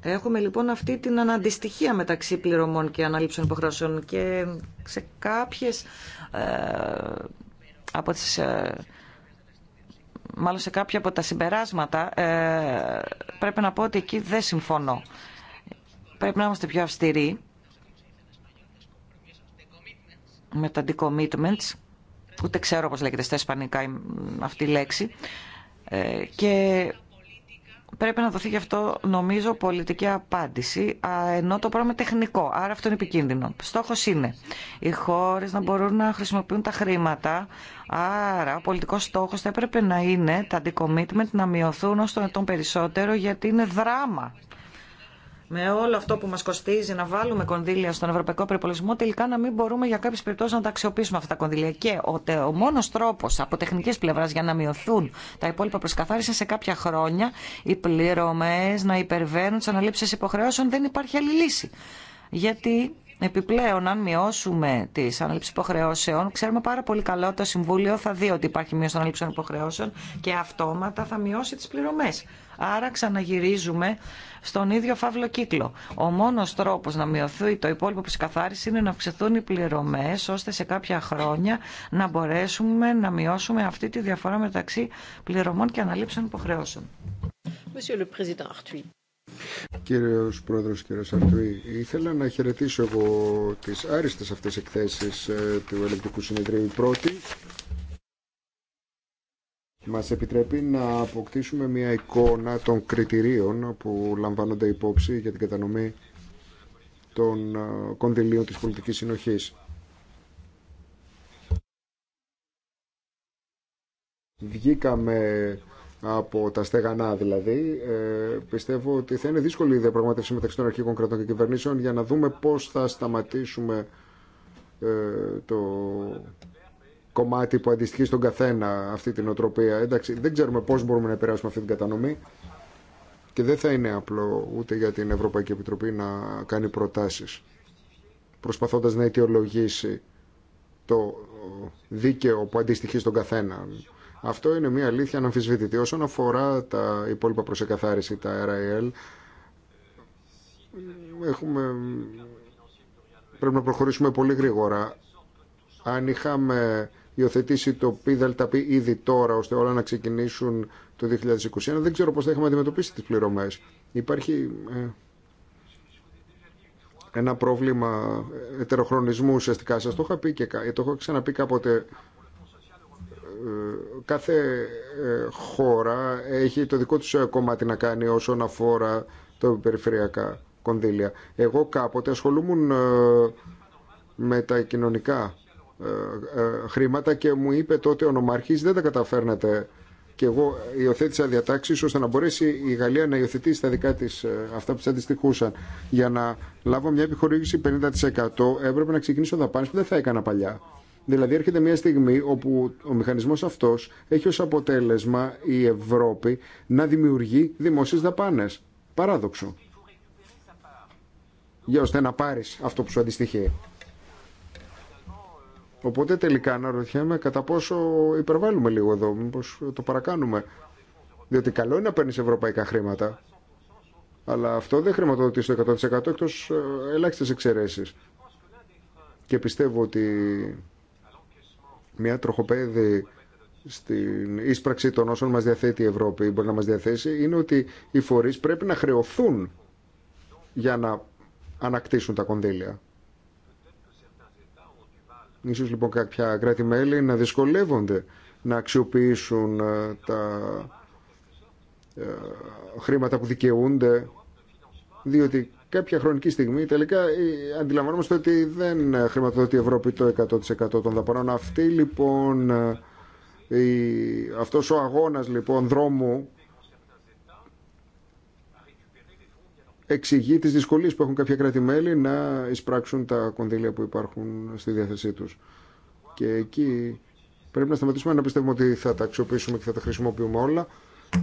Έχουμε λοιπόν αυτή την αναντιστοιχία μεταξύ πληρωμών και αναλήψεων υποχρεώσεων και σε κάποιες ε, από τις ε, μάλλον σε κάποια από τα συμπεράσματα, ε, πρέπει να πω ότι εκεί δεν συμφωνώ. Πρέπει να είμαστε πιο αυστηροί με τα decommitments, ούτε ξέρω πώς λέγεται στα ισπανικά αυτή η λέξη, ε, και πρέπει να δοθεί γι' αυτό νομίζω πολιτική απάντηση, ενώ το πρόβλημα είναι τεχνικό, άρα αυτό είναι επικίνδυνο. Στόχος είναι οι χώρες να μπορούν να χρησιμοποιούν τα χρήματα, άρα ο πολιτικός στόχος θα έπρεπε να είναι τα αντικομίτμεντ να μειωθούν ως τον περισσότερο γιατί είναι δράμα με όλο αυτό που μα κοστίζει να βάλουμε κονδύλια στον ευρωπαϊκό περιπολισμό, τελικά να μην μπορούμε για κάποιε περιπτώσει να τα αξιοποιήσουμε αυτά τα κονδύλια. Και ο, ο μόνο τρόπο από τεχνική πλευρά για να μειωθούν τα υπόλοιπα προσκαθάρισα σε κάποια χρόνια, οι πληρωμέ να υπερβαίνουν τι αναλήψει υποχρεώσεων, δεν υπάρχει άλλη λύση. Γιατί Επιπλέον, αν μειώσουμε τι ανάληψει υποχρεώσεων, ξέρουμε πάρα πολύ καλά ότι το Συμβούλιο θα δει ότι υπάρχει μείωση των ανάληψεων υποχρεώσεων και αυτόματα θα μειώσει τι πληρωμέ. Άρα ξαναγυρίζουμε στον ίδιο φαύλο κύκλο. Ο μόνο τρόπο να μειωθεί το υπόλοιπο ψυκαθάριση είναι να αυξηθούν οι πληρωμέ, ώστε σε κάποια χρόνια να μπορέσουμε να μειώσουμε αυτή τη διαφορά μεταξύ πληρωμών και αναλήψεων υποχρεώσεων. Κύριος Πρόεδρος, κύριε Σαρτουή, ήθελα να χαιρετήσω εγώ τις άριστες αυτές εκθέσεις ε, του Ελεκτικού Συνεδρίου. Η πρώτη μας επιτρέπει να αποκτήσουμε μια εικόνα των κριτηρίων που λαμβάνονται υπόψη για την κατανομή των ε, κονδυλίων της πολιτικής συνοχής. Βγήκαμε από τα στεγανά δηλαδή. Ε, πιστεύω ότι θα είναι δύσκολη η διαπραγμάτευση μεταξύ των αρχικών κρατών και κυβερνήσεων για να δούμε πώς θα σταματήσουμε ε, το κομμάτι που αντιστοιχεί στον καθένα αυτή την οτροπία. Εντάξει, δεν ξέρουμε πώς μπορούμε να επηρεάσουμε αυτή την κατανομή και δεν θα είναι απλό ούτε για την Ευρωπαϊκή Επιτροπή να κάνει προτάσεις προσπαθώντας να αιτιολογήσει το δίκαιο που αντιστοιχεί στον καθένα αυτό είναι μια αλήθεια αναμφισβητητή. Όσον αφορά τα υπόλοιπα προσεκαθάριση, τα RIL, έχουμε... πρέπει να προχωρήσουμε πολύ γρήγορα. Αν είχαμε υιοθετήσει το ΠΔΠ ήδη τώρα, ώστε όλα να ξεκινήσουν το 2021, δεν ξέρω πώς θα είχαμε αντιμετωπίσει τις πληρωμές. Υπάρχει ε, ένα πρόβλημα ετεροχρονισμού ουσιαστικά. Σας το είχα πει και ε, το έχω ξαναπεί κάποτε ε, κάθε ε, χώρα έχει το δικό του ε, κομμάτι να κάνει όσον αφορά τα περιφερειακά κονδύλια. Εγώ κάποτε ασχολούμουν με τα κοινωνικά χρήματα και μου είπε τότε ο νομάρχης δεν τα καταφέρνετε και εγώ υιοθέτησα διατάξει ώστε να μπορέσει η Γαλλία να υιοθετήσει τα δικά της αυτά που της αντιστοιχούσαν. Για να λάβω μια επιχορήγηση 50% έπρεπε να ξεκινήσω δαπάνες που δεν θα έκανα παλιά. Δηλαδή έρχεται μια στιγμή όπου ο μηχανισμός αυτός έχει ως αποτέλεσμα η Ευρώπη να δημιουργεί δημόσιες δαπάνες. Παράδοξο. Για ώστε να πάρεις αυτό που σου αντιστοιχεί. Οπότε τελικά να αναρωτιέμαι κατά πόσο υπερβάλλουμε λίγο εδώ, μήπως το παρακάνουμε. Διότι καλό είναι να παίρνει ευρωπαϊκά χρήματα, αλλά αυτό δεν χρηματοδοτεί στο 100% εκτός ε, ελάχιστες εξαιρέσεις. Και πιστεύω ότι μια τροχοπέδη στην ίσπραξη των όσων μας διαθέτει η Ευρώπη, μπορεί να μας διαθέσει, είναι ότι οι φορείς πρέπει να χρεωθούν για να ανακτήσουν τα κονδύλια. Ίσως λοιπόν κάποια κράτη-μέλη να δυσκολεύονται να αξιοποιήσουν ε, τα ε, χρήματα που δικαιούνται, διότι κάποια χρονική στιγμή τελικά ε, αντιλαμβανόμαστε ότι δεν χρηματοδοτεί η Ευρώπη το 100% των δαπανών. Αυτή λοιπόν, ε, η, αυτός ο αγώνας λοιπόν δρόμου εξηγεί τις δυσκολίες που έχουν κάποια κράτη-μέλη να εισπράξουν τα κονδύλια που υπάρχουν στη διάθεσή τους. Και εκεί πρέπει να σταματήσουμε να πιστεύουμε ότι θα τα αξιοποιήσουμε και θα τα χρησιμοποιούμε όλα.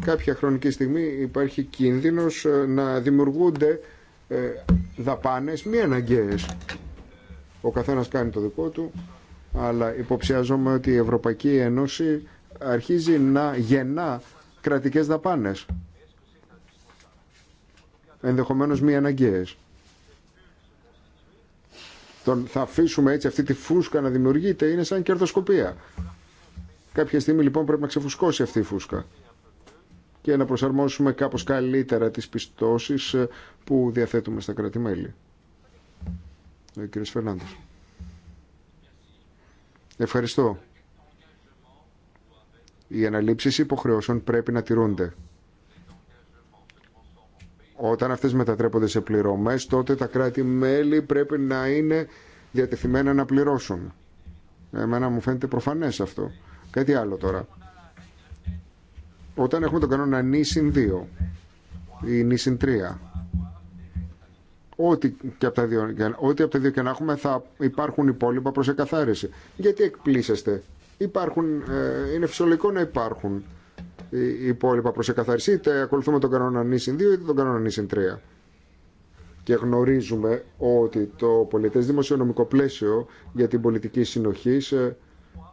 Κάποια χρονική στιγμή υπάρχει κίνδυνος ε, να δημιουργούνται ε, δαπάνες μη αναγκαίες. Ο καθένας κάνει το δικό του, αλλά υποψιάζομαι ότι η Ευρωπαϊκή Ένωση αρχίζει να γεννά κρατικές δαπάνες. Ενδεχομένως μη αναγκαίες. Τον θα αφήσουμε έτσι αυτή τη φούσκα να δημιουργείται είναι σαν κερδοσκοπία. Κάποια στιγμή λοιπόν πρέπει να ξεφουσκώσει αυτή η φούσκα και να προσαρμόσουμε κάπως καλύτερα τις πιστώσεις ε, που διαθέτουμε στα κράτη-μέλη. Ε, Ο Ευχαριστώ. Οι αναλήψεις υποχρεώσεων πρέπει να τηρούνται. Όταν αυτές μετατρέπονται σε πληρωμές, τότε τα κράτη-μέλη πρέπει να είναι διατεθειμένα να πληρώσουν. Εμένα μου φαίνεται προφανές αυτό. Κάτι άλλο τώρα όταν έχουμε τον κανόνα νησιν 2 ή νησιν 3 Ό,τι και από τα δύο, ό,τι από τα δύο και να έχουμε θα υπάρχουν υπόλοιπα προς εκαθάριση. Γιατί εκπλήσεστε. Υπάρχουν, ε, είναι φυσιολογικό να υπάρχουν οι ε, υπόλοιπα προς εκαθάριση. Είτε ακολουθούμε τον κανόνα νησιν 2 είτε τον κανόνα νησιν 3 και γνωρίζουμε ότι το πολιτές δημοσιονομικό πλαίσιο για την πολιτική συνοχή ε,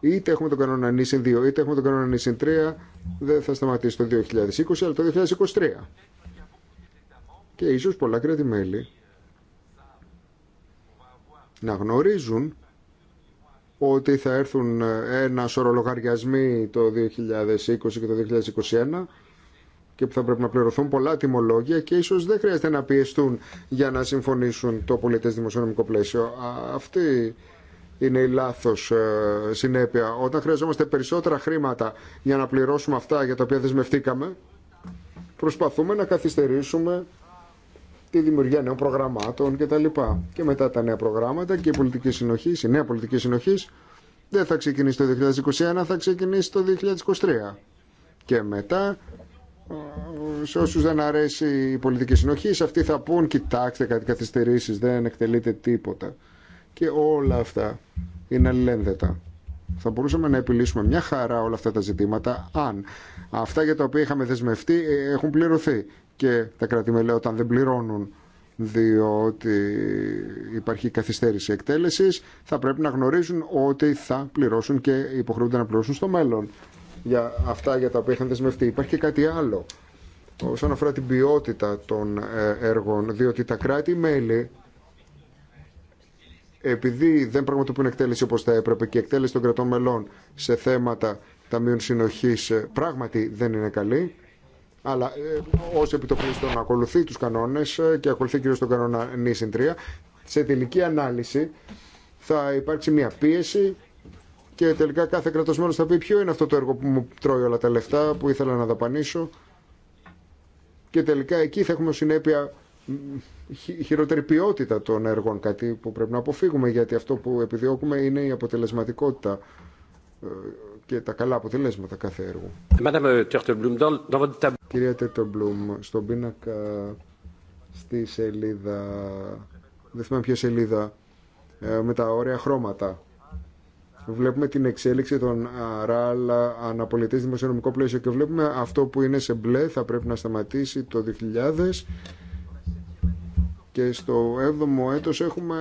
Είτε έχουμε τον κανόνα νησιν 2, είτε έχουμε τον κανόνα νησιν 3, δεν θα σταματήσει το 2020, αλλά το 2023. Και ίσως πολλά κράτη-μέλη να γνωρίζουν ότι θα έρθουν ε, ένα σωρό λογαριασμοί το 2020 και το 2021 και που θα πρέπει να πληρωθούν πολλά τιμολόγια και ίσως δεν χρειάζεται να πιεστούν για να συμφωνήσουν το πολιτές δημοσιονομικό πλαίσιο. Αυτή είναι η λάθος ε, συνέπεια. Όταν χρειαζόμαστε περισσότερα χρήματα για να πληρώσουμε αυτά για τα οποία δεσμευτήκαμε, προσπαθούμε να καθυστερήσουμε τη δημιουργία νέων προγραμμάτων κτλ. Και μετά τα νέα προγράμματα και η πολιτική συνοχή, η νέα πολιτική συνοχή δεν θα ξεκινήσει το 2021, θα ξεκινήσει το 2023. Και μετά, σε όσου δεν αρέσει η πολιτική συνοχή, αυτοί θα πούν: Κοιτάξτε, κάτι καθυστερήσει, δεν εκτελείται τίποτα και όλα αυτά είναι αλληλένδετα. Θα μπορούσαμε να επιλύσουμε μια χαρά όλα αυτά τα ζητήματα αν αυτά για τα οποία είχαμε δεσμευτεί ε, έχουν πληρωθεί και τα κράτη-μέλη όταν δεν πληρώνουν διότι υπάρχει καθυστέρηση εκτέλεσης θα πρέπει να γνωρίζουν ότι θα πληρώσουν και υποχρεούνται να πληρώσουν στο μέλλον για αυτά για τα οποία είχαν δεσμευτεί. Υπάρχει και κάτι άλλο όσον αφορά την ποιότητα των ε, έργων διότι τα κράτη-μέλη επειδή δεν πραγματοποιούν εκτέλεση όπως θα έπρεπε και η εκτέλεση των κρατών μελών σε θέματα ταμείων συνοχής ε, πράγματι δεν είναι καλή, αλλά ω ε, ως επιτοπλίστων ακολουθεί τους κανόνες ε, και ακολουθεί κυρίως τον κανόνα νήσιν 3, σε τελική ανάλυση θα υπάρξει μια πίεση και τελικά κάθε κρατος θα πει ποιο είναι αυτό το έργο που μου τρώει όλα τα λεφτά που ήθελα να δαπανίσω και τελικά εκεί θα έχουμε συνέπεια χειρότερη ποιότητα των έργων, κάτι που πρέπει να αποφύγουμε, γιατί αυτό που επιδιώκουμε είναι η αποτελεσματικότητα ε, και τα καλά αποτελέσματα κάθε έργου. Κυρία Τερτομπλουμ, στον πίνακα στη σελίδα, δεν θυμάμαι ποια σελίδα, ε, με τα ωραία χρώματα. Βλέπουμε την εξέλιξη των ΡΑΛ αναπολιτές δημοσιονομικό πλαίσιο και βλέπουμε αυτό που είναι σε μπλε θα πρέπει να σταματήσει το 2000 και στο 7ο έτος έχουμε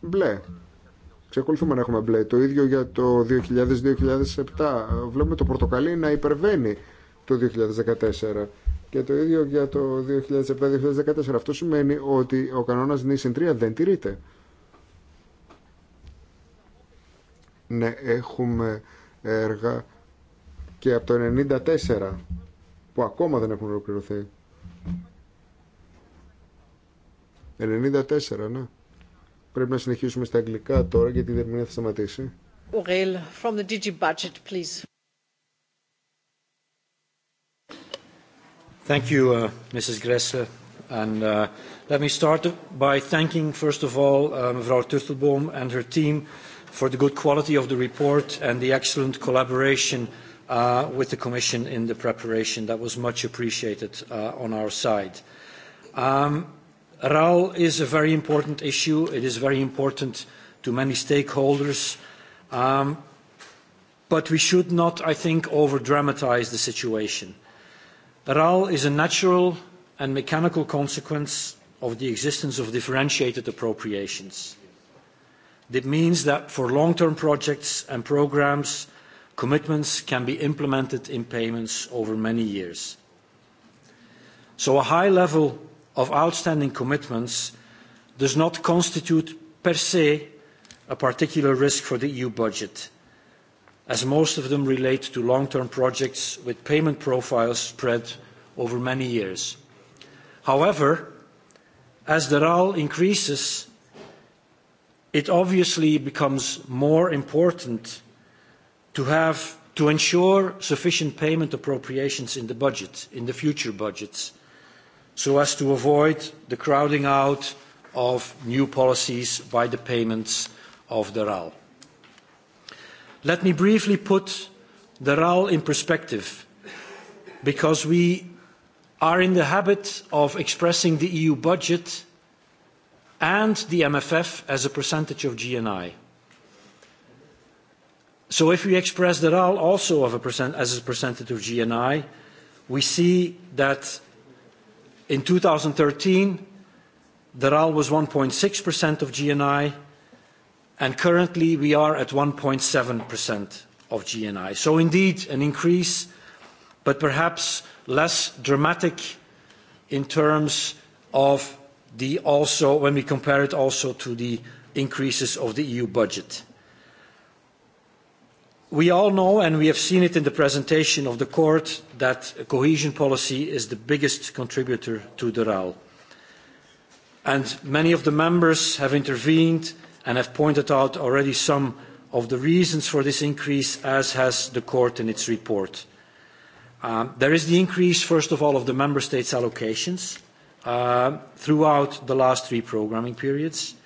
μπλε. Ξεκολουθούμε να έχουμε μπλε. Το ίδιο για το 2000-2007. Βλέπουμε το πορτοκαλί να υπερβαίνει το 2014. Και το ίδιο για το 2007-2014. Αυτό σημαίνει ότι ο κανόνας νήσιν 3 δεν τηρείται. Ναι, έχουμε έργα και από το 1994 που ακόμα δεν έχουν ολοκληρωθεί. 94, ναι. Πρέπει να συνεχίσουμε στα αγγλικά τώρα γιατί η δερμηνία θα σταματήσει. Aurel, from the DG budget, please. Thank you, uh, Mrs. Gressler. And uh, let me start by thanking, first of all, uh, Mevrouw Turtelboom and her team for the good quality of the report and the excellent collaboration uh, with the Commission in the preparation. That was much appreciated uh, on our side. Um, RAL is a very important issue. It is very important to many stakeholders. But we should not, I think, over-dramatize the situation. RAL is a natural and mechanical consequence of the existence of differentiated appropriations. It means that for long-term projects and programmes, commitments can be implemented in payments over many years. So a high level of outstanding commitments does not constitute per se a particular risk for the EU budget, as most of them relate to long-term projects with payment profiles spread over many years. However, as the RAL increases, it obviously becomes more important to have to ensure sufficient payment appropriations in the budget, in the future budgets, so as to avoid the crowding out of new policies by the payments of the RAL. Let me briefly put the RAL in perspective, because we are in the habit of expressing the EU budget and the MFF as a percentage of GNI. So if we express the RAL also as a percentage of GNI, we see that In 2013, the RAL was 1.6% of GNI, and currently we are at 1.7% of GNI. So indeed, an increase, but perhaps less dramatic in terms of the also, when we compare it also to the increases of the EU budget. We all know, and we have seen it in the presentation of the court, that cohesion policy is the biggest contributor to the RAL. And many of the members have intervened and have pointed out already some of the reasons for this increase, as has the court in its report. There is the increase, first of all, of the member states' allocations throughout the last three programming periods.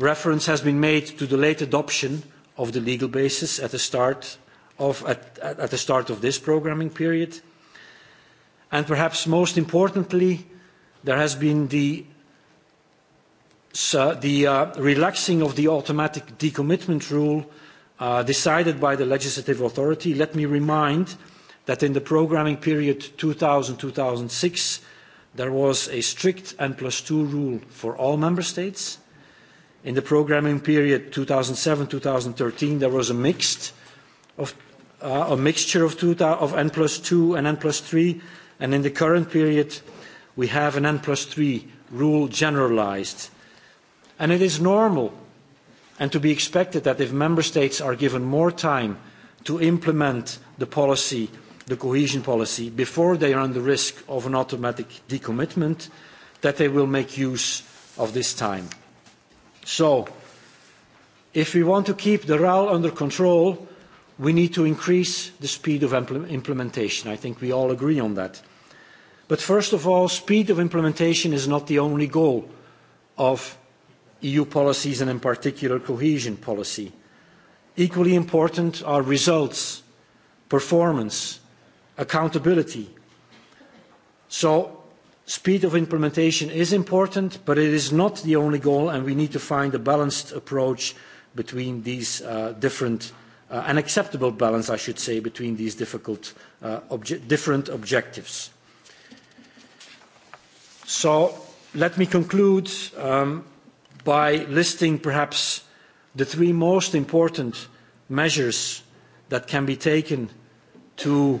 Reference has been made to the late adoption of the legal basis at the start of at the start of this programming period and perhaps most importantly there has been the the relaxing of the automatic decommitment rule decided by the legislative authority let me remind that in the programming period 2000-2006 there was a strict N two rule for all member states In the programming period 2007-2013, there was a mixed of a mixture of N plus 2 and N 3, and in the current period, we have an N 3 rule generalised, And it is normal and to be expected that if member states are given more time to implement the policy, the cohesion policy, before they run the risk of an automatic decommitment, that they will make use of this time. So if we want to keep the RAL under control, we need to increase the speed of implementation. I think we all agree on that. But first of all, speed of implementation is not the only goal of EU policies and in particular cohesion policy. Equally important are results, performance, accountability. So Speed of implementation is important, but it is not the only goal, and we need to find a balanced approach between these different, an acceptable balance, I should say, between these difficult, different objectives. So let me conclude by listing perhaps the three most important measures that can be taken to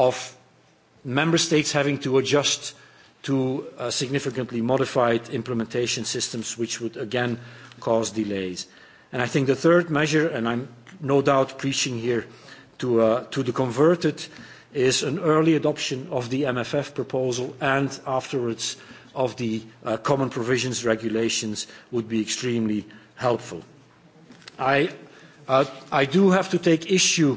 of member states having to adjust to significantly modified implementation systems, which would again cause delays. And I think the third measure, and I'm no doubt preaching here to the converted, is an early adoption of the MFF proposal and afterwards of the common provisions regulations would be extremely helpful. I do have to take issue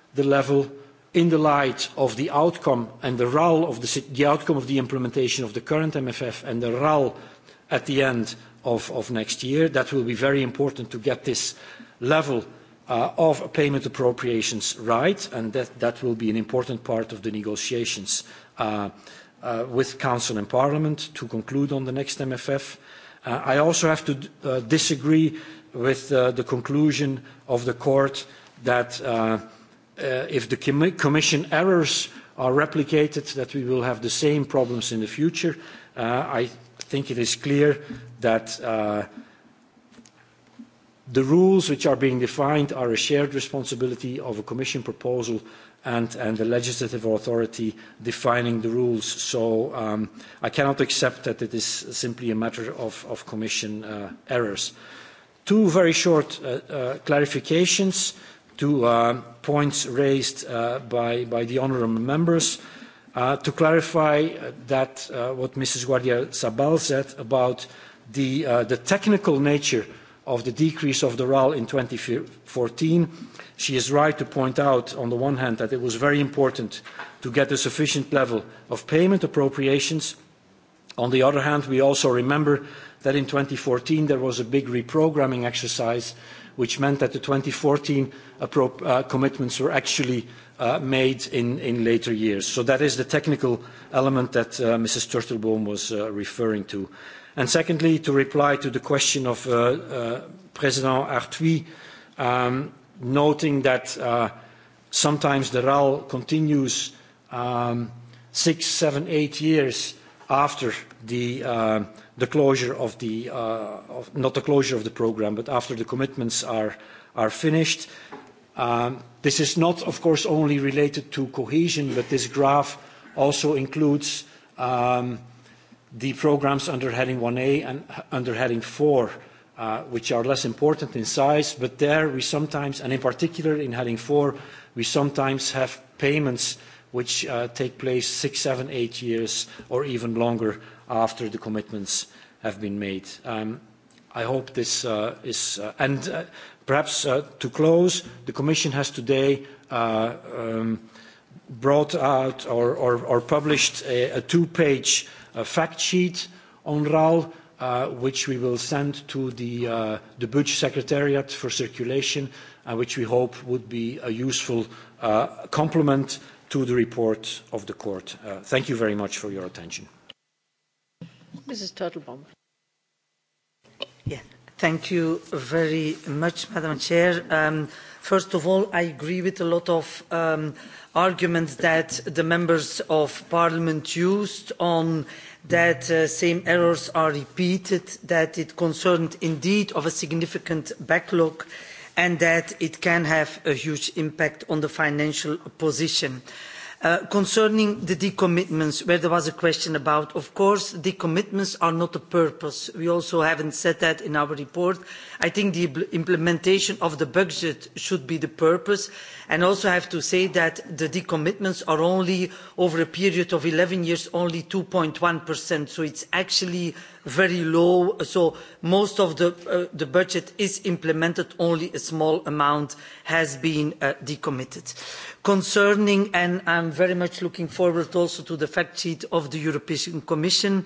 the level in the light of the outcome and the RAL of the outcome of the implementation of the current MFF and the RAL at the end of next year. That will be very important to get this level of payment appropriations right, and that will be an important part of the negotiations with Council and Parliament to conclude on the next MFF. I also have to disagree with the conclusion of the Court that if the Commission errors are replicated, that we will have the same problems in the future. I think it is clear that the rules which are being defined are a shared responsibility of a Commission proposal and the legislative authority defining the rules. So I cannot accept that it is simply a matter of Commission errors. Two very short clarifications to points raised by the honourable members. To clarify that what Mrs. Guardia Sabal said about the the technical nature of the decrease of the RAL in 2014, she is right to point out on the one hand that it was very important to get a sufficient level of payment appropriations. On the other hand, we also remember that in 2014 there was a big reprogramming exercise which meant that the 2014 commitments were actually made in later years. So that is the technical element that Mrs. Turtelboom was referring to. And secondly, to reply to the question of President Arthuis, noting that sometimes the RAL continues six, seven, eight years after the closure of the, not the closure of the program, but after the commitments are finished. This is not, of course, only related to cohesion, but this graph also includes the programs under heading 1A and under heading 4, which are less important in size, but there we sometimes, and in particular in heading 4, we sometimes have payments which take place six, seven, eight years or even longer after the commitments have been made. I hope this is... And perhaps to close, the Commission has today brought out or published a two-page fact sheet on RAL, which we will send to the budget Secretariat for Circulation, which we hope would be a useful complement to the report of the court. Thank you very much for your attention. Mrs. Turtlebaum. Thank you very much, Madam Chair. Um, First of all, I agree with a lot of um, arguments that the members of Parliament used on that same errors are repeated, that it concerned indeed of a significant backlog and that it can have a huge impact on the financial position. Concerning the decommitments, where there was a question about, of course, decommitments are not the purpose. We also haven't said that in our report. I think the implementation of the budget should be the purpose and also have to say that the decommitments are only over a period of 11 years only 2.1% so it's actually very low so most of the budget is implemented only a small amount has been decommitted. Concerning and I'm very much looking forward also to the fact sheet of the European Commission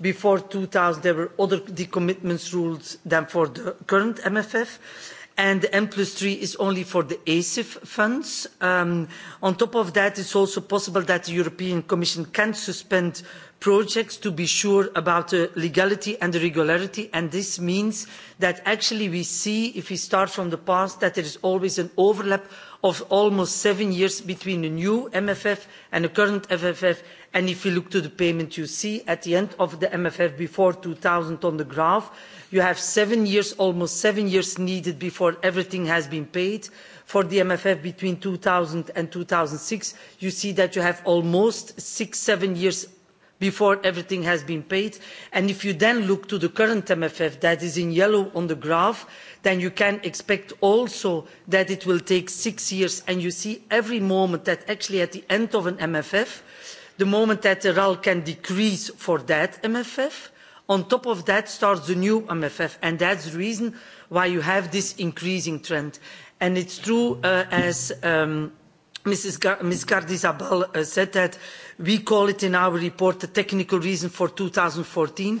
before 2000 there were other decommitments rules than for the current MFF and the M 3 is only for the ASIF funds. On top of that, it's also possible that the European Commission can suspend projects to be sure about the legality and the regularity and this means that actually we see, if we start from the past, that there is always an overlap of almost seven years between the new MFF and the current MFF. And if you look to the payment you see at the end of the MFF before 2000 on the graph, you have seven years, almost seven years needed before everything has been paid. For the MFF between 2000 and 2006, you see that you have almost six, seven years before everything has been paid. And if you then look to the current MFF that is in yellow on the graph, then you can expect also that it will take six years. And you see every moment that actually at the end of an MFF, the moment that the RAL can decrease for that MFF, on top of that starts the new MFF. And that's the reason why you have this increasing trend. And it's true, as Ms. Gardizabal said, that we call it in our report the technical reason for 2014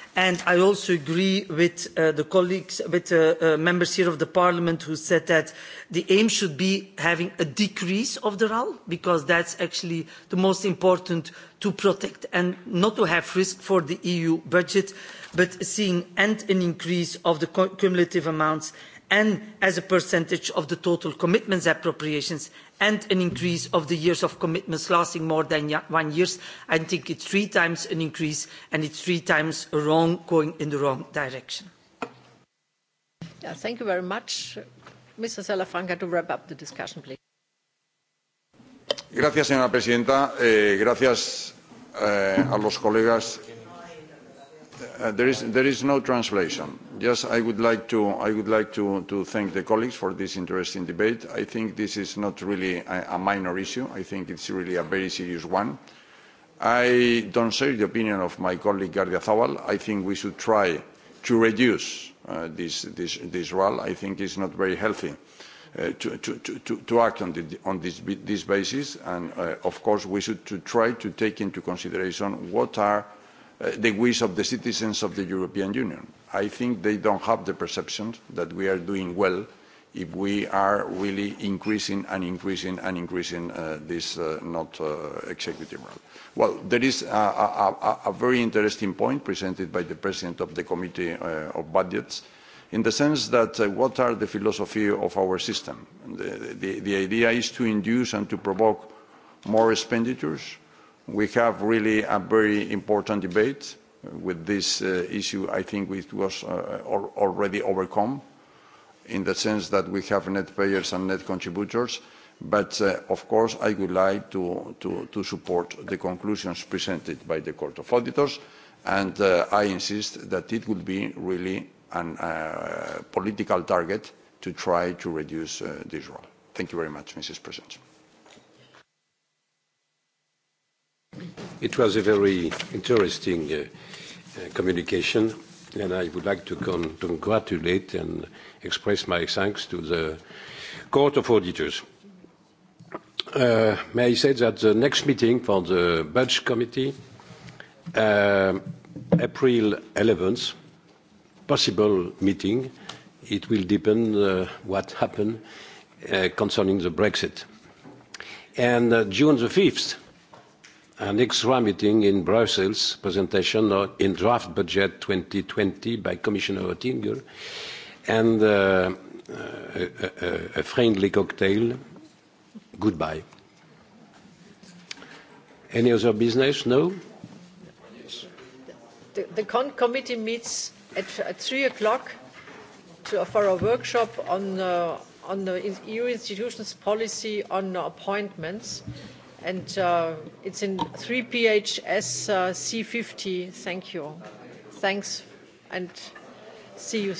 and i also agree with the colleagues with members here of the parliament who said that the aim should be having a decrease of the ral because that's actually the most important to protect and not to have risk for the eu budget but seeing and an increase of the cumulative amounts and as a percentage of the total commitments appropriations and an increase of the years of commitments lasting more than one year. I think it's three times an increase and it's three times wrong, going in the wrong direction. Thank you very much. Mr. Salafranca, to wrap up the discussion, please. Gracias, señora presidenta. Eh, Gracias eh, a los colegas There is there is no translation. Yes, I would like to like to thank the colleagues for this interesting debate. I think this is not really a minor issue. I think it's really a very serious one. I don't share the opinion of my colleague Gardia Zawal. I think we should try to reduce this this this role. I think it's not very healthy to to to act on this this basis. And of course, we should try to take into consideration what are the wish of the citizens of the European Union. I think they don't have the perception that we are doing well if we are really increasing and increasing and increasing this not executive role. Well, there is a very interesting point presented by the President of the Committee of Budgets in the sense that what are the philosophy of our system? The idea is to induce and to provoke more expenditures We have really a very important debate with this issue. I think it was already overcome in the sense that we have net payers and net contributors. But, of course, I would like to support the conclusions presented by the Court of Auditors. And I insist that it would be really a political target to try to reduce this role. Thank you very much, Mrs. President. It was a very interesting communication, and I would like to congratulate and express my thanks to the Court of Auditors. May I say that the next meeting for the Budget Committee, April 11th, possible meeting, it will depend what happens concerning the Brexit. And June 5th, an extra meeting in Brussels, presentation in draft budget 2020 by Commissioner Oettinger, and a friendly cocktail. Goodbye. Any other business? No? The committee meets at 3 o'clock for a workshop on the EU institutions policy on appointments and it's in 3PHS C50. Thank you. Thanks and see you.